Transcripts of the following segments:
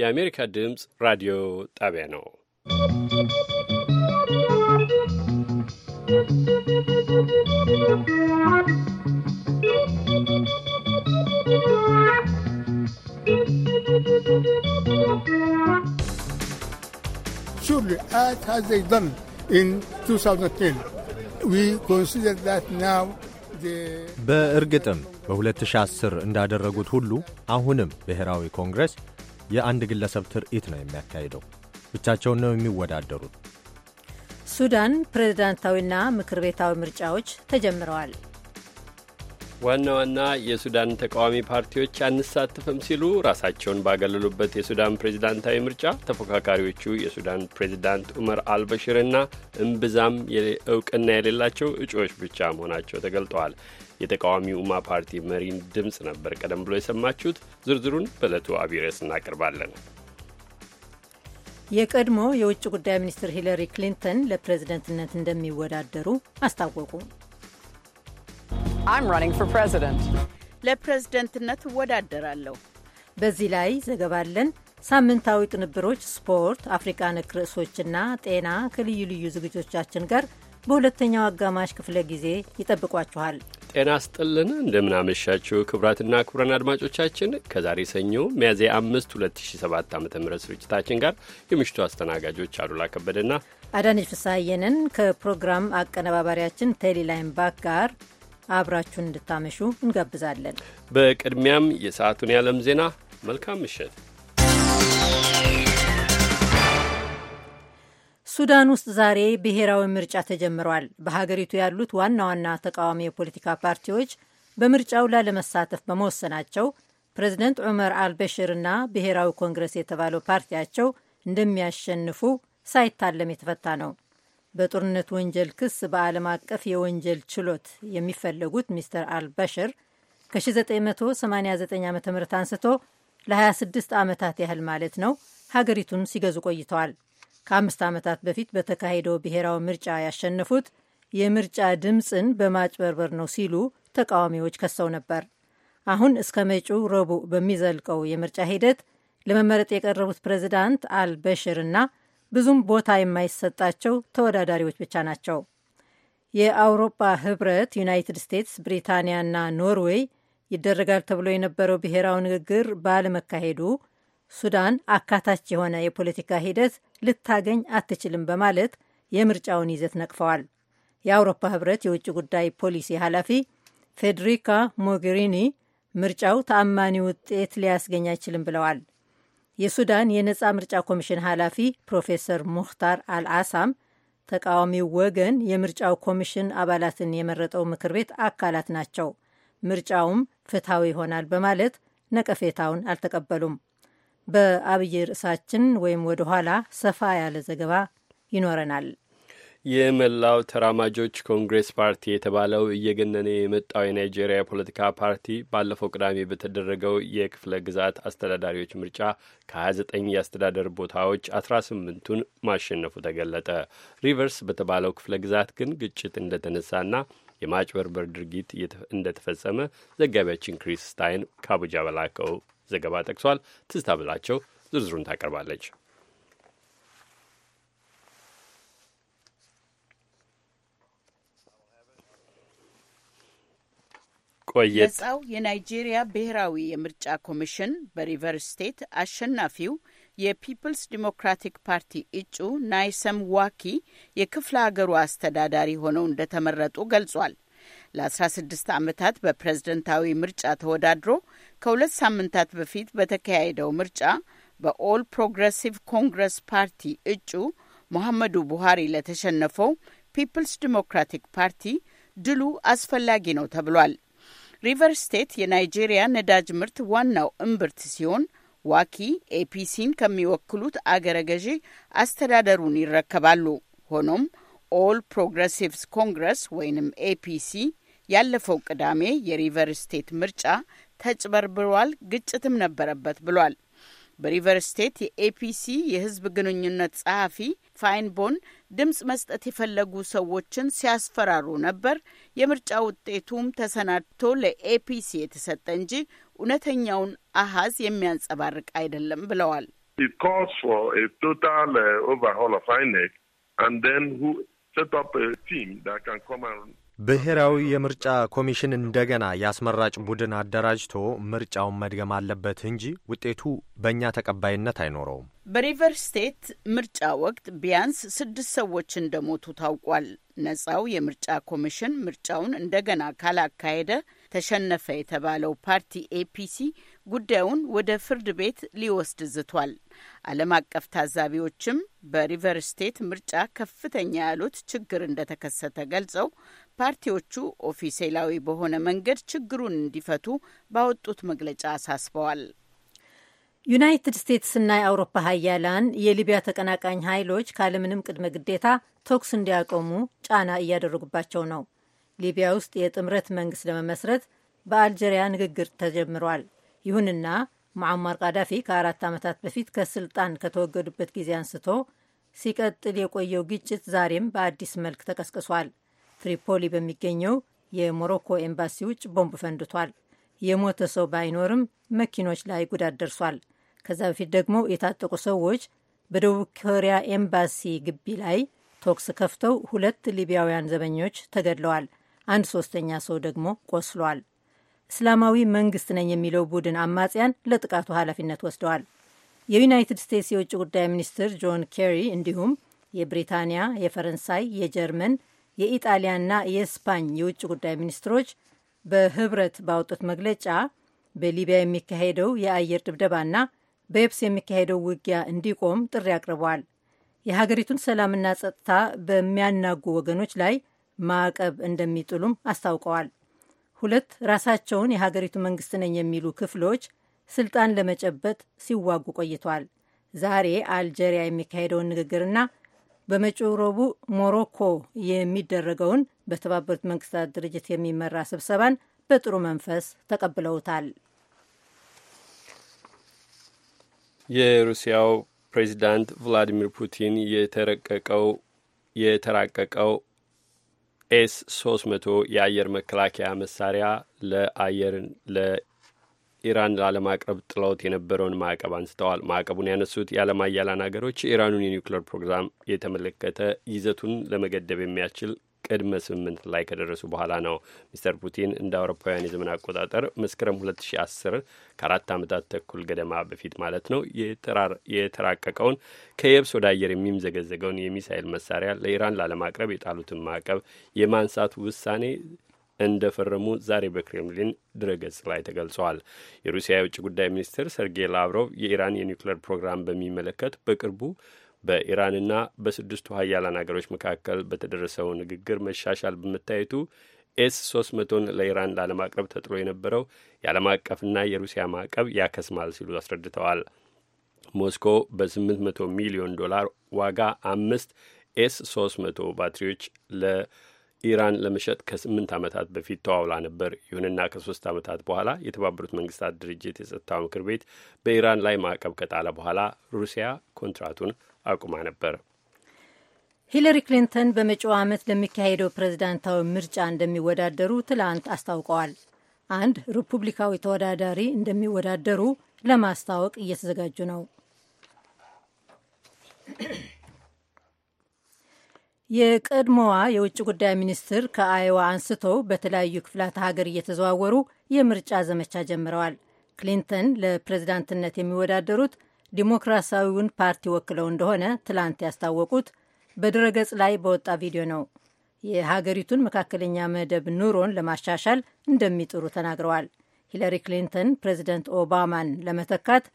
የአሜሪካ ድምፅ ራዲዮ ጣቢያ ነው። Surely, as has they done in 2010, we consider that now በእርግጥም በ2010 እንዳደረጉት ሁሉ አሁንም ብሔራዊ ኮንግረስ የአንድ ግለሰብ ትርኢት ነው የሚያካሂደው። ብቻቸውን ነው የሚወዳደሩት። ሱዳን ፕሬዝዳንታዊና ምክር ቤታዊ ምርጫዎች ተጀምረዋል። ዋና ዋና የሱዳን ተቃዋሚ ፓርቲዎች አንሳተፍም ሲሉ ራሳቸውን ባገለሉበት የሱዳን ፕሬዝዳንታዊ ምርጫ ተፎካካሪዎቹ የሱዳን ፕሬዝዳንት ኡመር አልበሽርና እምብዛም እውቅና የሌላቸው እጩዎች ብቻ መሆናቸው ተገልጠዋል። የተቃዋሚ ኡማ ፓርቲ መሪን ድምፅ ነበር ቀደም ብሎ የሰማችሁት። ዝርዝሩን በዕለቱ አቢረስ እናቀርባለን። የቀድሞ የውጭ ጉዳይ ሚኒስትር ሂለሪ ክሊንተን ለፕሬዝደንትነት እንደሚወዳደሩ አስታወቁ። ለፕሬዝደንትነት እወዳደራለሁ። በዚህ ላይ ዘገባ አለን። ሳምንታዊ ቅንብሮች፣ ስፖርት፣ አፍሪቃ ነክ ርዕሶችና ጤና ከልዩ ልዩ ዝግጆቻችን ጋር በሁለተኛው አጋማሽ ክፍለ ጊዜ ይጠብቋችኋል። ጤና ስጥልን፣ እንደምናመሻችሁ ክቡራትና ክቡራን አድማጮቻችን ከዛሬ ሰኞ ሚያዝያ አምስት 2007 ዓ ም ስርጭታችን ጋር የምሽቱ አስተናጋጆች አሉላ ከበደና አዳነች ፍስሐየንን ከፕሮግራም አቀነባባሪያችን ባክ ጋር አብራችሁን እንድታመሹ እንጋብዛለን። በቅድሚያም የሰዓቱን የዓለም ዜና። መልካም ምሽት። ሱዳን ውስጥ ዛሬ ብሔራዊ ምርጫ ተጀምሯል። በሀገሪቱ ያሉት ዋና ዋና ተቃዋሚ የፖለቲካ ፓርቲዎች በምርጫው ላለመሳተፍ በመወሰናቸው ፕሬዚደንት ዑመር አልበሽር እና ብሔራዊ ኮንግረስ የተባለው ፓርቲያቸው እንደሚያሸንፉ ሳይታለም የተፈታ ነው። በጦርነት ወንጀል ክስ በዓለም አቀፍ የወንጀል ችሎት የሚፈለጉት ሚስተር አልበሽር ከ1989 ዓ ም አንስቶ ለ26 ዓመታት ያህል ማለት ነው ሀገሪቱን ሲገዙ ቆይተዋል። ከአምስት ዓመታት በፊት በተካሄደው ብሔራዊ ምርጫ ያሸነፉት የምርጫ ድምፅን በማጭበርበር ነው ሲሉ ተቃዋሚዎች ከሰው ነበር። አሁን እስከ መጪው ረቡዕ በሚዘልቀው የምርጫ ሂደት ለመመረጥ የቀረቡት ፕሬዚዳንት አልበሽር እና ብዙም ቦታ የማይሰጣቸው ተወዳዳሪዎች ብቻ ናቸው። የአውሮፓ ህብረት፣ ዩናይትድ ስቴትስ፣ ብሪታንያና ኖርዌይ ይደረጋል ተብሎ የነበረው ብሔራዊ ንግግር ባለመካሄዱ ሱዳን አካታች የሆነ የፖለቲካ ሂደት ልታገኝ አትችልም በማለት የምርጫውን ይዘት ነቅፈዋል። የአውሮፓ ህብረት የውጭ ጉዳይ ፖሊሲ ኃላፊ ፌዴሪካ ሞጌሪኒ ምርጫው ተአማኒ ውጤት ሊያስገኝ አይችልም ብለዋል። የሱዳን የነፃ ምርጫ ኮሚሽን ኃላፊ ፕሮፌሰር ሙክታር አልአሳም ተቃዋሚው ወገን የምርጫው ኮሚሽን አባላትን የመረጠው ምክር ቤት አካላት ናቸው፣ ምርጫውም ፍትሐዊ ይሆናል በማለት ነቀፌታውን አልተቀበሉም። በአብይ ርዕሳችን ወይም ወደ ኋላ ሰፋ ያለ ዘገባ ይኖረናል። የመላው ተራማጆች ኮንግሬስ ፓርቲ የተባለው እየገነነ የመጣው የናይጄሪያ የፖለቲካ ፓርቲ ባለፈው ቅዳሜ በተደረገው የክፍለ ግዛት አስተዳዳሪዎች ምርጫ ከ29 የአስተዳደር ቦታዎች 18ቱን ማሸነፉ ተገለጠ። ሪቨርስ በተባለው ክፍለ ግዛት ግን ግጭት እንደተነሳና የማጭበርበር ድርጊት እንደተፈጸመ ዘጋቢያችን ክሪስ ስታይን ከአቡጃ በላከው ዘገባ ጠቅሷል። ትዝታ ብላቸው ዝርዝሩን ታቀርባለች። ነጻው የናይጄሪያ ብሔራዊ የምርጫ ኮሚሽን በሪቨር ስቴት አሸናፊው የፒፕልስ ዲሞክራቲክ ፓርቲ እጩ ናይሰም ዋኪ የክፍለ ሀገሩ አስተዳዳሪ ሆነው እንደተመረጡ ገልጿል። ለ16 ዓመታት በፕሬዝደንታዊ ምርጫ ተወዳድሮ ከሁለት ሳምንታት በፊት በተካሄደው ምርጫ በኦል ፕሮግሬሲቭ ኮንግረስ ፓርቲ እጩ ሙሐመዱ ቡሃሪ ለተሸነፈው ፒፕልስ ዲሞክራቲክ ፓርቲ ድሉ አስፈላጊ ነው ተብሏል። ሪቨር ስቴት የናይጄሪያ ነዳጅ ምርት ዋናው እምብርት ሲሆን ዋኪ ኤፒሲን ከሚወክሉት አገረ ገዢ አስተዳደሩን ይረከባሉ። ሆኖም ኦል ፕሮግረሲቭስ ኮንግረስ ወይንም ኤፒሲ ያለፈው ቅዳሜ የሪቨር ስቴት ምርጫ ተጭበርብሯል፣ ግጭትም ነበረበት ብሏል። በሪቨር ስቴት የኤፒሲ የህዝብ ግንኙነት ጸሐፊ ፋይንቦን ድምፅ መስጠት የፈለጉ ሰዎችን ሲያስፈራሩ ነበር። የምርጫ ውጤቱም ተሰናድቶ ለኤፒሲ የተሰጠ እንጂ እውነተኛውን አሃዝ የሚያንጸባርቅ አይደለም ብለዋል። ብሔራዊ የምርጫ ኮሚሽን እንደገና የአስመራጭ ቡድን አደራጅቶ ምርጫውን መድገም አለበት እንጂ ውጤቱ በእኛ ተቀባይነት አይኖረውም። በሪቨር ስቴት ምርጫ ወቅት ቢያንስ ስድስት ሰዎች እንደሞቱ ታውቋል። ነጻው የምርጫ ኮሚሽን ምርጫውን እንደገና ካላካሄደ ተሸነፈ የተባለው ፓርቲ ኤፒሲ ጉዳዩን ወደ ፍርድ ቤት ሊወስድ ዝቷል። ዓለም አቀፍ ታዛቢዎችም በሪቨር ስቴት ምርጫ ከፍተኛ ያሉት ችግር እንደተከሰተ ገልጸው ፓርቲዎቹ ኦፊሴላዊ በሆነ መንገድ ችግሩን እንዲፈቱ ባወጡት መግለጫ አሳስበዋል። ዩናይትድ ስቴትስና የአውሮፓ ሀያላን የሊቢያ ተቀናቃኝ ኃይሎች ካለምንም ቅድመ ግዴታ ተኩስ እንዲያቆሙ ጫና እያደረጉባቸው ነው። ሊቢያ ውስጥ የጥምረት መንግስት ለመመስረት በአልጀሪያ ንግግር ተጀምሯል። ይሁንና ሙዓማር ቃዳፊ ከአራት ዓመታት በፊት ከስልጣን ከተወገዱበት ጊዜ አንስቶ ሲቀጥል የቆየው ግጭት ዛሬም በአዲስ መልክ ተቀስቅሷል። ትሪፖሊ በሚገኘው የሞሮኮ ኤምባሲ ውጭ ቦምብ ፈንድቷል። የሞተ ሰው ባይኖርም መኪኖች ላይ ጉዳት ደርሷል። ከዛ በፊት ደግሞ የታጠቁ ሰዎች በደቡብ ኮሪያ ኤምባሲ ግቢ ላይ ተኩስ ከፍተው ሁለት ሊቢያውያን ዘበኞች ተገድለዋል። አንድ ሶስተኛ ሰው ደግሞ ቆስሏል። እስላማዊ መንግስት ነኝ የሚለው ቡድን አማጽያን ለጥቃቱ ኃላፊነት ወስደዋል። የዩናይትድ ስቴትስ የውጭ ጉዳይ ሚኒስትር ጆን ኬሪ እንዲሁም የብሪታንያ፣ የፈረንሳይ፣ የጀርመን፣ የኢጣሊያና የስፓኝ የውጭ ጉዳይ ሚኒስትሮች በህብረት ባወጡት መግለጫ በሊቢያ የሚካሄደው የአየር ድብደባና በየብስ የሚካሄደው ውጊያ እንዲቆም ጥሪ አቅርበዋል። የሀገሪቱን ሰላምና ጸጥታ በሚያናጉ ወገኖች ላይ ማዕቀብ እንደሚጥሉም አስታውቀዋል። ሁለት ራሳቸውን የሀገሪቱ መንግስት ነኝ የሚሉ ክፍሎች ስልጣን ለመጨበጥ ሲዋጉ ቆይቷል። ዛሬ አልጀሪያ የሚካሄደውን ንግግርና በመጪው ረቡዕ ሞሮኮ የሚደረገውን በተባበሩት መንግስታት ድርጅት የሚመራ ስብሰባን በጥሩ መንፈስ ተቀብለውታል። የሩሲያው ፕሬዚዳንት ቭላዲሚር ፑቲን የተረቀቀው የተራቀቀው ኤስ 300 የአየር መከላከያ መሳሪያ ለአየር ኢራን ላለማቅረብ ጥለውት የነበረውን ማዕቀብ አንስተዋል። ማዕቀቡን ያነሱት የዓለም አያላን ሀገሮች የኢራኑን የኒውክሌር ፕሮግራም የተመለከተ ይዘቱን ለመገደብ የሚያስችል ቅድመ ስምምነት ላይ ከደረሱ በኋላ ነው። ሚስተር ፑቲን እንደ አውሮፓውያን የዘመን አቆጣጠር መስከረም 2010 ከአራት ዓመታት ተኩል ገደማ በፊት ማለት ነው የተራቀቀውን ከየብስ ወደ አየር የሚምዘገዘገውን የሚሳይል መሳሪያ ለኢራን ላለማቅረብ የጣሉትን ማዕቀብ የማንሳቱ ውሳኔ እንደፈረሙ ዛሬ በክሬምሊን ድረገጽ ላይ ተገልጸዋል። የሩሲያ የውጭ ጉዳይ ሚኒስትር ሰርጌይ ላቭሮቭ የኢራን የኒውክሌር ፕሮግራም በሚመለከት በቅርቡ በኢራንና በስድስቱ ሀያላን አገሮች መካከል በተደረሰው ንግግር መሻሻል በመታየቱ ኤስ 300ን ለኢራን ላለማቅረብ ተጥሎ የነበረው የዓለም አቀፍና የሩሲያ ማዕቀብ ያከስማል ሲሉ አስረድተዋል። ሞስኮ በ800 ሚሊዮን ዶላር ዋጋ አምስት ኤስ 300 ባትሪዎች ለ ኢራን ለመሸጥ ከስምንት ዓመታት በፊት ተዋውላ ነበር። ይሁንና ከሶስት ዓመታት በኋላ የተባበሩት መንግስታት ድርጅት የጸጥታው ምክር ቤት በኢራን ላይ ማዕቀብ ከጣለ በኋላ ሩሲያ ኮንትራቱን አቁማ ነበር። ሂለሪ ክሊንተን በመጪው ዓመት ለሚካሄደው ፕሬዝዳንታዊ ምርጫ እንደሚወዳደሩ ትላንት አስታውቀዋል። አንድ ሪፑብሊካዊ ተወዳዳሪ እንደሚወዳደሩ ለማስታወቅ እየተዘጋጁ ነው። የቀድሞዋ የውጭ ጉዳይ ሚኒስትር ከአይዋ አንስተው በተለያዩ ክፍላተ ሀገር እየተዘዋወሩ የምርጫ ዘመቻ ጀምረዋል። ክሊንተን ለፕሬዝዳንትነት የሚወዳደሩት ዲሞክራሲያዊውን ፓርቲ ወክለው እንደሆነ ትላንት ያስታወቁት በድረገጽ ላይ በወጣ ቪዲዮ ነው። የሀገሪቱን መካከለኛ መደብ ኑሮን ለማሻሻል እንደሚጥሩ ተናግረዋል። ሂለሪ ክሊንተን ፕሬዚደንት ኦባማን ለመተካት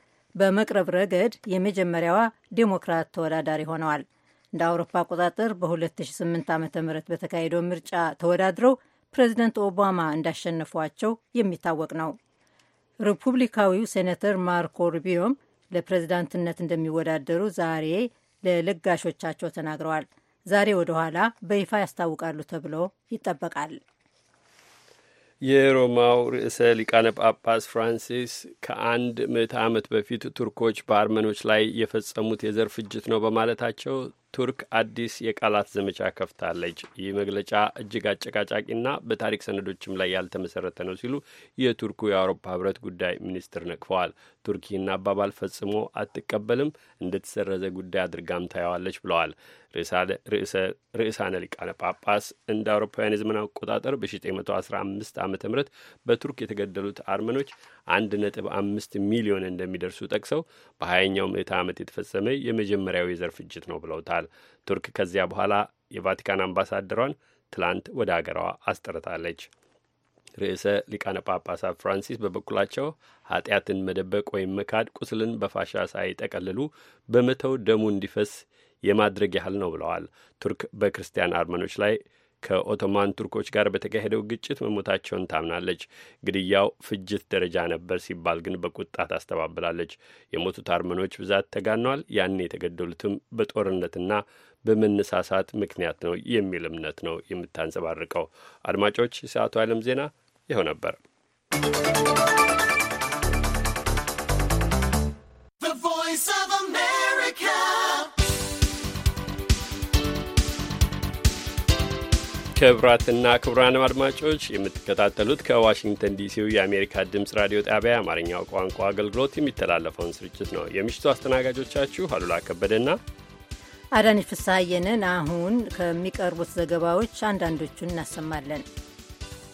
በመቅረብ ረገድ የመጀመሪያዋ ዴሞክራት ተወዳዳሪ ሆነዋል። እንደ አውሮፓ አቆጣጠር በ2008 ዓ ም በተካሄደው ምርጫ ተወዳድረው ፕሬዚደንት ኦባማ እንዳሸነፏቸው የሚታወቅ ነው። ሪፑብሊካዊው ሴኔተር ማርኮ ሩቢዮም ለፕሬዝዳንትነት እንደሚወዳደሩ ዛሬ ለለጋሾቻቸው ተናግረዋል። ዛሬ ወደ ኋላ በይፋ ያስታውቃሉ ተብሎ ይጠበቃል። የሮማው ርዕሰ ሊቃነ ጳጳስ ፍራንሲስ ከአንድ ምዕተ ዓመት በፊት ቱርኮች በአርመኖች ላይ የፈጸሙት የዘር ፍጅት ነው በማለታቸው ቱርክ አዲስ የቃላት ዘመቻ ከፍታለች። ይህ መግለጫ እጅግ አጨቃጫቂና በታሪክ ሰነዶችም ላይ ያልተመሰረተ ነው ሲሉ የቱርኩ የአውሮፓ ህብረት ጉዳይ ሚኒስትር ነቅፈዋል። ቱርኪ ይህን አባባል ፈጽሞ አትቀበልም፣ እንደተሰረዘ ጉዳይ አድርጋም ታየዋለች ብለዋል። ርዕሳነ ሊቃነ ጳጳስ እንደ አውሮፓውያን የዘመን አቆጣጠር በ1915 ዓ ም በቱርክ የተገደሉት አርመኖች 1.5 ሚሊዮን እንደሚደርሱ ጠቅሰው በ 20 ምዕተ ዓመት የተፈጸመ የመጀመሪያው የዘር ፍጅት ነው ብለውታል። ቱርክ ከዚያ በኋላ የቫቲካን አምባሳደሯን ትላንት ወደ አገሯ አስጠርታለች። ርዕሰ ሊቃነ ጳጳሳት ፍራንሲስ በበኩላቸው ኃጢአትን መደበቅ ወይም መካድ ቁስልን በፋሻ ሳይጠቀልሉ በመተው ደሙ እንዲፈስ የማድረግ ያህል ነው ብለዋል። ቱርክ በክርስቲያን አርመኖች ላይ ከኦቶማን ቱርኮች ጋር በተካሄደው ግጭት መሞታቸውን ታምናለች። ግድያው ፍጅት ደረጃ ነበር ሲባል ግን በቁጣ ታስተባብላለች። የሞቱት አርመኖች ብዛት ተጋኗል፣ ያን የተገደሉትም በጦርነትና በመነሳሳት ምክንያት ነው የሚል እምነት ነው የምታንጸባርቀው። አድማጮች፣ የሰዓቱ ዓለም ዜና ይኸው ነበር። ክቡራትና ክቡራን አድማጮች የምትከታተሉት ከዋሽንግተን ዲሲው የአሜሪካ ድምፅ ራዲዮ ጣቢያ የአማርኛው ቋንቋ አገልግሎት የሚተላለፈውን ስርጭት ነው። የምሽቱ አስተናጋጆቻችሁ አሉላ ከበደና አዳነች ፍስሐየንን። አሁን ከሚቀርቡት ዘገባዎች አንዳንዶቹን እናሰማለን።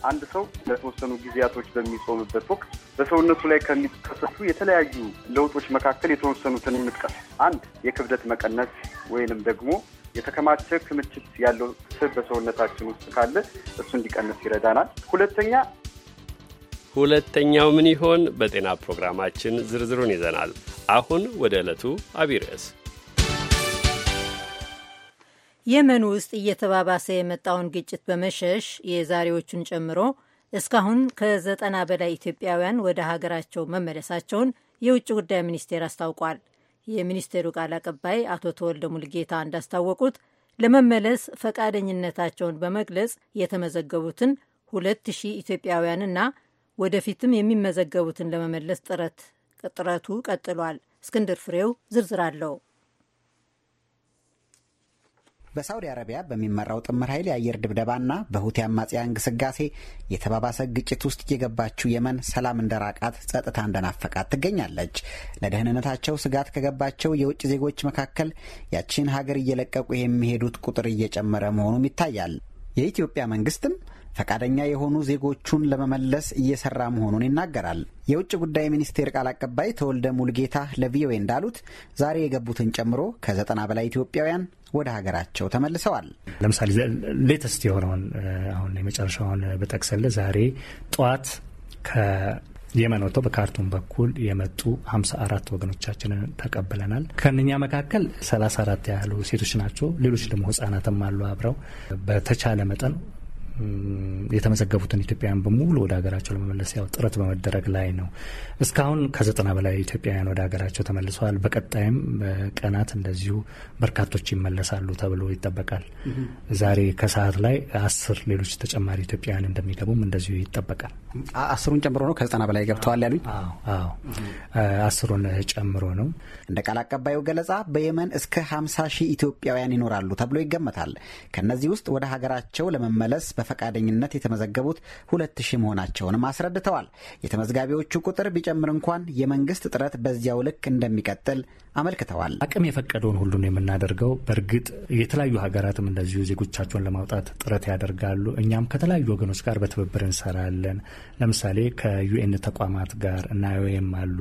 አንድ ሰው ለተወሰኑ ጊዜያቶች በሚጾምበት ወቅት በሰውነቱ ላይ ከሚከሰቱ የተለያዩ ለውጦች መካከል የተወሰኑትን እንጥቀስ። አንድ የክብደት መቀነስ ወይንም ደግሞ የተከማቸ ክምችት ያለው ስብ በሰውነታችን ውስጥ ካለ እሱ እንዲቀንስ ይረዳናል። ሁለተኛ ሁለተኛው ምን ይሆን? በጤና ፕሮግራማችን ዝርዝሩን ይዘናል። አሁን ወደ ዕለቱ አቢይ ርዕስ የመን ውስጥ እየተባባሰ የመጣውን ግጭት በመሸሽ የዛሬዎቹን ጨምሮ እስካሁን ከዘጠና በላይ ኢትዮጵያውያን ወደ ሀገራቸው መመለሳቸውን የውጭ ጉዳይ ሚኒስቴር አስታውቋል። የሚኒስቴሩ ቃል አቀባይ አቶ ተወልደ ሙልጌታ እንዳስታወቁት ለመመለስ ፈቃደኝነታቸውን በመግለጽ የተመዘገቡትን ሁለት ሺህ ኢትዮጵያውያንና ወደፊትም የሚመዘገቡትን ለመመለስ ጥረት ጥረቱ ቀጥሏል። እስክንድር ፍሬው ዝርዝር አለው። በሳውዲ አረቢያ በሚመራው ጥምር ኃይል የአየር ድብደባና በሁቲ አማጽያን እንቅስቃሴ የተባባሰ ግጭት ውስጥ የገባችው የመን ሰላም እንደራቃት፣ ጸጥታ እንደናፈቃት ትገኛለች። ለደህንነታቸው ስጋት ከገባቸው የውጭ ዜጎች መካከል ያቺን ሀገር እየለቀቁ የሚሄዱት ቁጥር እየጨመረ መሆኑም ይታያል። የኢትዮጵያ መንግስትም ፈቃደኛ የሆኑ ዜጎቹን ለመመለስ እየሰራ መሆኑን ይናገራል። የውጭ ጉዳይ ሚኒስቴር ቃል አቀባይ ተወልደ ሙልጌታ ለቪኦኤ እንዳሉት ዛሬ የገቡትን ጨምሮ ከዘጠና በላይ ኢትዮጵያውያን ወደ ሀገራቸው ተመልሰዋል። ለምሳሌ ሌተስት የሆነውን አሁን የመጨረሻውን በጠቅሰለ ዛሬ ጠዋት የመን ወጥተው በካርቱም በኩል የመጡ 54 ወገኖቻችንን ተቀብለናል። ከነኛ መካከል 34 ያህሉ ሴቶች ናቸው። ሌሎች ደግሞ ህጻናትም አሉ። አብረው በተቻለ መጠን የተመዘገቡትን ኢትዮጵያውያን በሙሉ ወደ ሀገራቸው ለመመለስ ያው ጥረት በመደረግ ላይ ነው። እስካሁን ከዘጠና በላይ ኢትዮጵያውያን ወደ ሀገራቸው ተመልሰዋል። በቀጣይም ቀናት እንደዚሁ በርካቶች ይመለሳሉ ተብሎ ይጠበቃል። ዛሬ ከሰዓት ላይ አስር ሌሎች ተጨማሪ ኢትዮጵያውያን እንደሚገቡም እንደዚሁ ይጠበቃል። አስሩን ጨምሮ ነው ከዘጠና በላይ ገብተዋል ያሉኝ? አዎ አስሩን ጨምሮ ነው። እንደ ቃል አቀባዩ ገለጻ በየመን እስከ ሀምሳ ሺህ ኢትዮጵያውያን ይኖራሉ ተብሎ ይገመታል። ከእነዚህ ውስጥ ወደ ሀገራቸው ለመመለስ በፈ ፈቃደኝነት የተመዘገቡት ሁለት ሺህ መሆናቸውንም አስረድተዋል። የተመዝጋቢዎቹ ቁጥር ቢጨምር እንኳን የመንግስት ጥረት በዚያው ልክ እንደሚቀጥል አመልክተዋል። አቅም የፈቀደውን ሁሉ ነው የምናደርገው። በእርግጥ የተለያዩ ሀገራትም እንደዚሁ ዜጎቻቸውን ለማውጣት ጥረት ያደርጋሉ። እኛም ከተለያዩ ወገኖች ጋር በትብብር እንሰራለን። ለምሳሌ ከዩኤን ተቋማት ጋር እና ዮኤም አሉ፣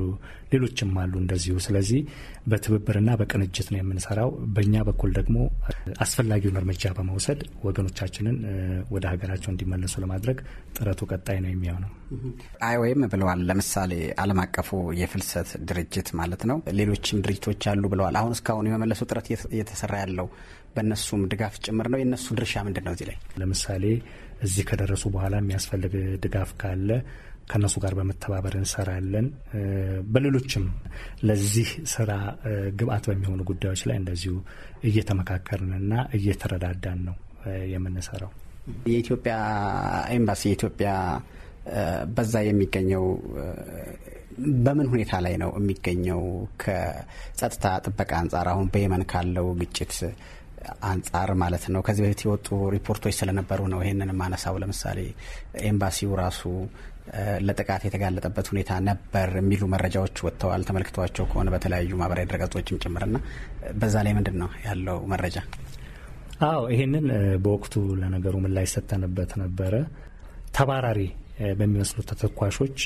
ሌሎችም አሉ እንደዚሁ። ስለዚህ በትብብርና በቅንጅት ነው የምንሰራው። በእኛ በኩል ደግሞ አስፈላጊውን እርምጃ በመውሰድ ወገኖቻችንን ወደ ሀገራቸው እንዲመለሱ ለማድረግ ጥረቱ ቀጣይ ነው የሚሆነው። አይ ወይም ብለዋል። ለምሳሌ ዓለም አቀፉ የፍልሰት ድርጅት ማለት ነው። ሌሎችም ድርጅቶች አሉ ብለዋል። አሁን እስካሁን የመመለሱ ጥረት እየተሰራ ያለው በእነሱም ድጋፍ ጭምር ነው። የእነሱ ድርሻ ምንድን ነው? እዚህ ላይ ለምሳሌ እዚህ ከደረሱ በኋላ የሚያስፈልግ ድጋፍ ካለ ከእነሱ ጋር በመተባበር እንሰራለን። በሌሎችም ለዚህ ስራ ግብአት በሚሆኑ ጉዳዮች ላይ እንደዚሁ እየተመካከርንና እየተረዳዳን ነው የምንሰራው። የኢትዮጵያ ኤምባሲ የኢትዮጵያ በዛ የሚገኘው በምን ሁኔታ ላይ ነው የሚገኘው? ከጸጥታ ጥበቃ አንጻር አሁን በየመን ካለው ግጭት አንጻር ማለት ነው። ከዚህ በፊት የወጡ ሪፖርቶች ስለነበሩ ነው ይህንን ማነሳው። ለምሳሌ ኤምባሲው ራሱ ለጥቃት የተጋለጠበት ሁኔታ ነበር የሚሉ መረጃዎች ወጥተዋል። ተመልክተዋቸው ከሆነ በተለያዩ ማህበራዊ ድረገጾችም ጭምርና በዛ ላይ ምንድን ነው ያለው መረጃ? አዎ ይሄንን በወቅቱ ለነገሩ ምላሽ ሰጠንበት ነበረ። ተባራሪ በሚመስሉ ተተኳሾች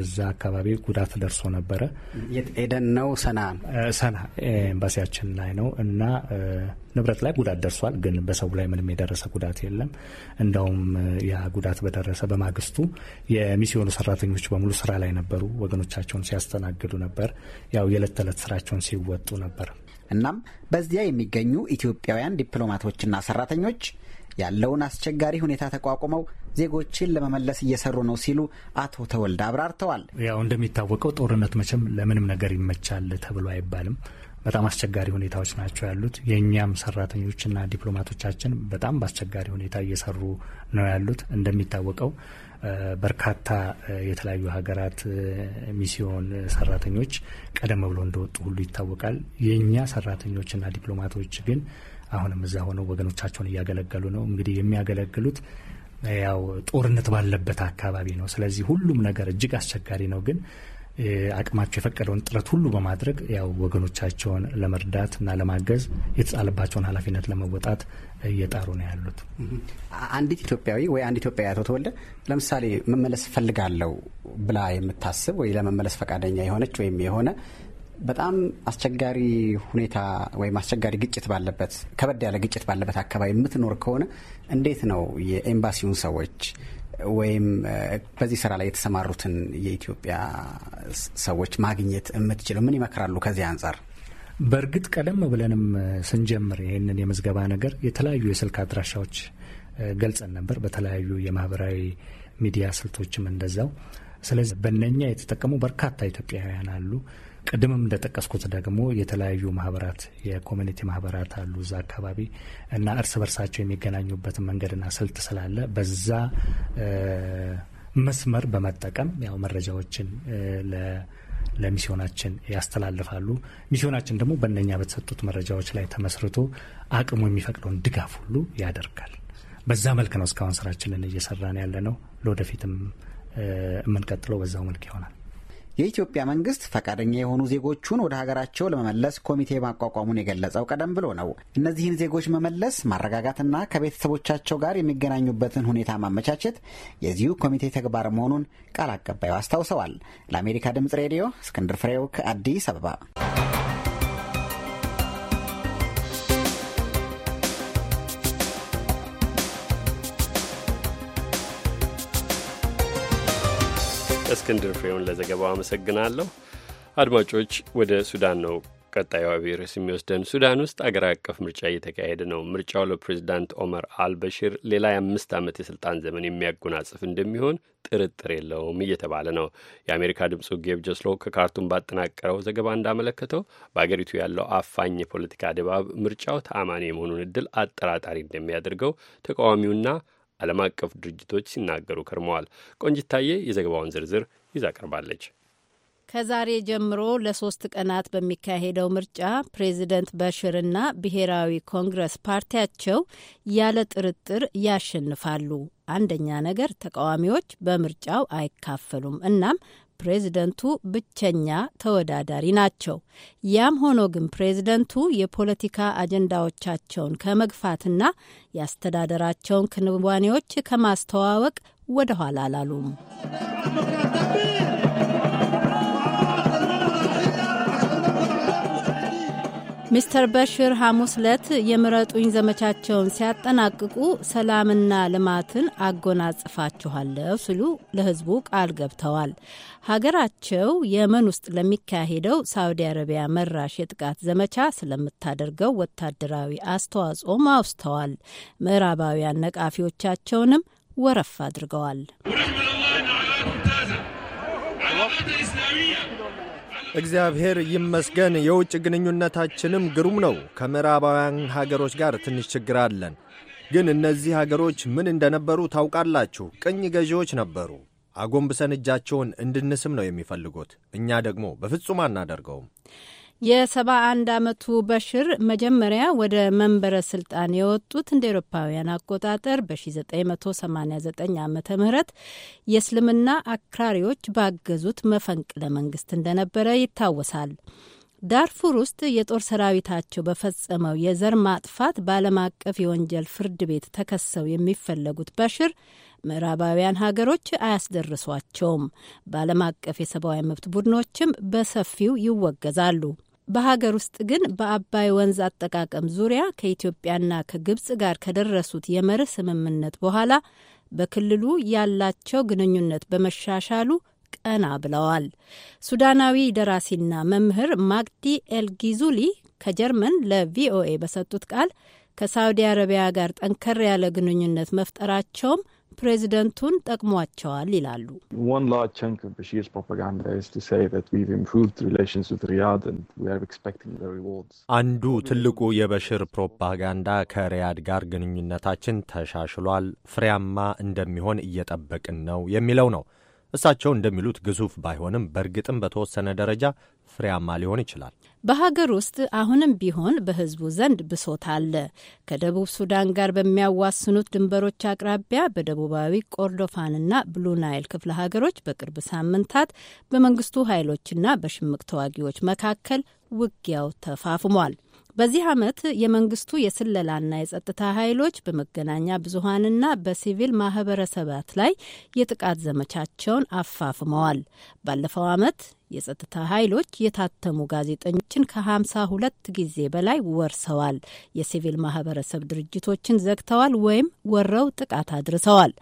እዛ አካባቢ ጉዳት ደርሶ ነበረ። ኤደን ነው ሰና ሰና ኤምባሲያችን ላይ ነው እና ንብረት ላይ ጉዳት ደርሷል፣ ግን በሰው ላይ ምንም የደረሰ ጉዳት የለም። እንደውም ያ ጉዳት በደረሰ በማግስቱ የሚስዮኑ ሰራተኞች በሙሉ ስራ ላይ ነበሩ። ወገኖቻቸውን ሲያስተናግዱ ነበር። ያው የዕለት ተዕለት ስራቸውን ሲወጡ ነበር። እናም በዚያ የሚገኙ ኢትዮጵያውያን ዲፕሎማቶችና ሰራተኞች ያለውን አስቸጋሪ ሁኔታ ተቋቁመው ዜጎችን ለመመለስ እየሰሩ ነው ሲሉ አቶ ተወልደ አብራርተዋል። ያው እንደሚታወቀው ጦርነት መቼም ለምንም ነገር ይመቻል ተብሎ አይባልም። በጣም አስቸጋሪ ሁኔታዎች ናቸው ያሉት። የእኛም ሰራተኞችና ዲፕሎማቶቻችን በጣም በአስቸጋሪ ሁኔታ እየሰሩ ነው ያሉት እንደሚታወቀው በርካታ የተለያዩ ሀገራት ሚስዮን ሰራተኞች ቀደም ብሎ እንደወጡ ሁሉ ይታወቃል። የእኛ ሰራተኞችና ዲፕሎማቶች ግን አሁንም እዛ ሆነው ወገኖቻቸውን እያገለገሉ ነው። እንግዲህ የሚያገለግሉት ያው ጦርነት ባለበት አካባቢ ነው። ስለዚህ ሁሉም ነገር እጅግ አስቸጋሪ ነው። ግን አቅማቸው የፈቀደውን ጥረት ሁሉ በማድረግ ያው ወገኖቻቸውን እና ለማገዝ የተጣለባቸውን ኃላፊነት ለመወጣት እየጣሩ ነው ያሉት። አንዲት ኢትዮጵያዊ ወይ አንድ ኢትዮጵያዊ አቶ ተወልደ ለምሳሌ መመለስ ፈልጋለው ብላ የምታስብ ወይ ለመመለስ ፈቃደኛ የሆነች ወይም የሆነ በጣም አስቸጋሪ ሁኔታ ወይም አስቸጋሪ ግጭት ባለበት ከበድ ያለ ግጭት ባለበት አካባቢ የምትኖር ከሆነ እንዴት ነው የኤምባሲውን ሰዎች ወይም በዚህ ስራ ላይ የተሰማሩትን የኢትዮጵያ ሰዎች ማግኘት የምትችለው ምን ይመክራሉ? ከዚህ አንጻር በእርግጥ ቀደም ብለንም ስንጀምር ይህንን የምዝገባ ነገር የተለያዩ የስልክ አድራሻዎች ገልጸን ነበር፣ በተለያዩ የማህበራዊ ሚዲያ ስልቶችም እንደዛው። ስለዚህ በነኛ የተጠቀሙ በርካታ ኢትዮጵያውያን አሉ። ቅድምም እንደጠቀስኩት ደግሞ የተለያዩ ማህበራት የኮሚኒቲ ማህበራት አሉ እዛ አካባቢ እና እርስ በርሳቸው የሚገናኙበትን መንገድና ስልት ስላለ በዛ መስመር በመጠቀም ያው መረጃዎችን ለሚስዮናችን ያስተላልፋሉ። ሚስዮናችን ደግሞ በእነኛ በተሰጡት መረጃዎች ላይ ተመስርቶ አቅሙ የሚፈቅደውን ድጋፍ ሁሉ ያደርጋል። በዛ መልክ ነው እስካሁን ስራችንን እየሰራን ያለ ነው። ለወደፊትም የምንቀጥለው በዛው መልክ ይሆናል። የኢትዮጵያ መንግስት ፈቃደኛ የሆኑ ዜጎቹን ወደ ሀገራቸው ለመመለስ ኮሚቴ ማቋቋሙን የገለጸው ቀደም ብሎ ነው። እነዚህን ዜጎች መመለስ፣ ማረጋጋትና ከቤተሰቦቻቸው ጋር የሚገናኙበትን ሁኔታ ማመቻቸት የዚሁ ኮሚቴ ተግባር መሆኑን ቃል አቀባዩ አስታውሰዋል። ለአሜሪካ ድምጽ ሬዲዮ እስክንድር ፍሬው ከአዲስ አበባ እስክንድር ፍሬውን ለዘገባው አመሰግናለሁ። አድማጮች፣ ወደ ሱዳን ነው ቀጣዩ አብይ የሚወስደን። ሱዳን ውስጥ አገር አቀፍ ምርጫ እየተካሄደ ነው። ምርጫው ለፕሬዚዳንት ኦመር አልበሽር ሌላ የአምስት ዓመት የስልጣን ዘመን የሚያጎናጽፍ እንደሚሆን ጥርጥር የለውም እየተባለ ነው። የአሜሪካ ድምፁ ጌብ ጀስሎ ከካርቱም ባጠናቀረው ዘገባ እንዳመለከተው በአገሪቱ ያለው አፋኝ የፖለቲካ ድባብ ምርጫው ተአማኒ የመሆኑን እድል አጠራጣሪ እንደሚያደርገው ተቃዋሚውና ዓለም አቀፍ ድርጅቶች ሲናገሩ ከርመዋል። ቆንጅታዬ የዘገባውን ዝርዝር ይዛ ቀርባለች። ከዛሬ ጀምሮ ለሶስት ቀናት በሚካሄደው ምርጫ ፕሬዚደንት በሽርና ብሔራዊ ኮንግረስ ፓርቲያቸው ያለ ጥርጥር ያሸንፋሉ። አንደኛ ነገር ተቃዋሚዎች በምርጫው አይካፈሉም፣ እናም ፕሬዝደንቱ ብቸኛ ተወዳዳሪ ናቸው። ያም ሆኖ ግን ፕሬዝደንቱ የፖለቲካ አጀንዳዎቻቸውን ከመግፋትና የአስተዳደራቸውን ክንዋኔዎች ከማስተዋወቅ ወደ ኋላ አላሉም። ሚስተር በሽር ሐሙስ ለት የምረጡኝ ዘመቻቸውን ሲያጠናቅቁ ሰላምና ልማትን አጎናጽፋችኋለሁ ሲሉ ለሕዝቡ ቃል ገብተዋል። ሀገራቸው የመን ውስጥ ለሚካሄደው ሳውዲ አረቢያ መራሽ የጥቃት ዘመቻ ስለምታደርገው ወታደራዊ አስተዋጽኦም አውስተዋል። ምዕራባውያን ነቃፊዎቻቸውንም ወረፍ አድርገዋል። እግዚአብሔር ይመስገን። የውጭ ግንኙነታችንም ግሩም ነው። ከምዕራባውያን ሀገሮች ጋር ትንሽ ችግር አለን። ግን እነዚህ ሀገሮች ምን እንደነበሩ ታውቃላችሁ። ቅኝ ገዢዎች ነበሩ። አጎንብሰን እጃቸውን እንድንስም ነው የሚፈልጉት። እኛ ደግሞ በፍጹም አናደርገውም። የሰባ አንድ ዓመቱ በሽር መጀመሪያ ወደ መንበረ ስልጣን የወጡት እንደ ኤሮፓውያን አቆጣጠር በ1989 ዓ ም የእስልምና አክራሪዎች ባገዙት መፈንቅለ መንግስት እንደነበረ ይታወሳል። ዳርፉር ውስጥ የጦር ሰራዊታቸው በፈጸመው የዘር ማጥፋት በዓለም አቀፍ የወንጀል ፍርድ ቤት ተከሰው የሚፈለጉት በሽር ምዕራባውያን ሀገሮች አያስደርሷቸውም። በዓለም አቀፍ የሰብአዊ መብት ቡድኖችም በሰፊው ይወገዛሉ። በሀገር ውስጥ ግን በአባይ ወንዝ አጠቃቀም ዙሪያ ከኢትዮጵያና ከግብጽ ጋር ከደረሱት የመርህ ስምምነት በኋላ በክልሉ ያላቸው ግንኙነት በመሻሻሉ ቀና ብለዋል። ሱዳናዊ ደራሲና መምህር ማግዲ ኤልጊዙሊ ከጀርመን ለቪኦኤ በሰጡት ቃል ከሳውዲ አረቢያ ጋር ጠንከር ያለ ግንኙነት መፍጠራቸውም ፕሬዚደንቱን ጠቅሟቸዋል ይላሉ። አንዱ ትልቁ የበሽር ፕሮፓጋንዳ ከሪያድ ጋር ግንኙነታችን ተሻሽሏል፣ ፍሬያማ እንደሚሆን እየጠበቅን ነው የሚለው ነው። እሳቸው እንደሚሉት ግዙፍ ባይሆንም በእርግጥም በተወሰነ ደረጃ ፍሬያማ ሊሆን ይችላል። በሀገር ውስጥ አሁንም ቢሆን በህዝቡ ዘንድ ብሶት አለ። ከደቡብ ሱዳን ጋር በሚያዋስኑት ድንበሮች አቅራቢያ በደቡባዊ ቆርዶፋንና ብሉ ናይል ክፍለ ሀገሮች በቅርብ ሳምንታት በመንግስቱ ኃይሎችና በሽምቅ ተዋጊዎች መካከል ውጊያው ተፋፍሟል። በዚህ ዓመት የመንግስቱ የስለላና የጸጥታ ኃይሎች በመገናኛ ብዙሀንና በሲቪል ማህበረሰባት ላይ የጥቃት ዘመቻቸውን አፋፍመዋል። ባለፈው ዓመት የጸጥታ ኃይሎች የታተሙ ጋዜጠኞችን ከ ሁለት ጊዜ በላይ ወርሰዋል። የሲቪል ማህበረሰብ ድርጅቶችን ዘግተዋል ወይም ወረው ጥቃት አድርሰዋል።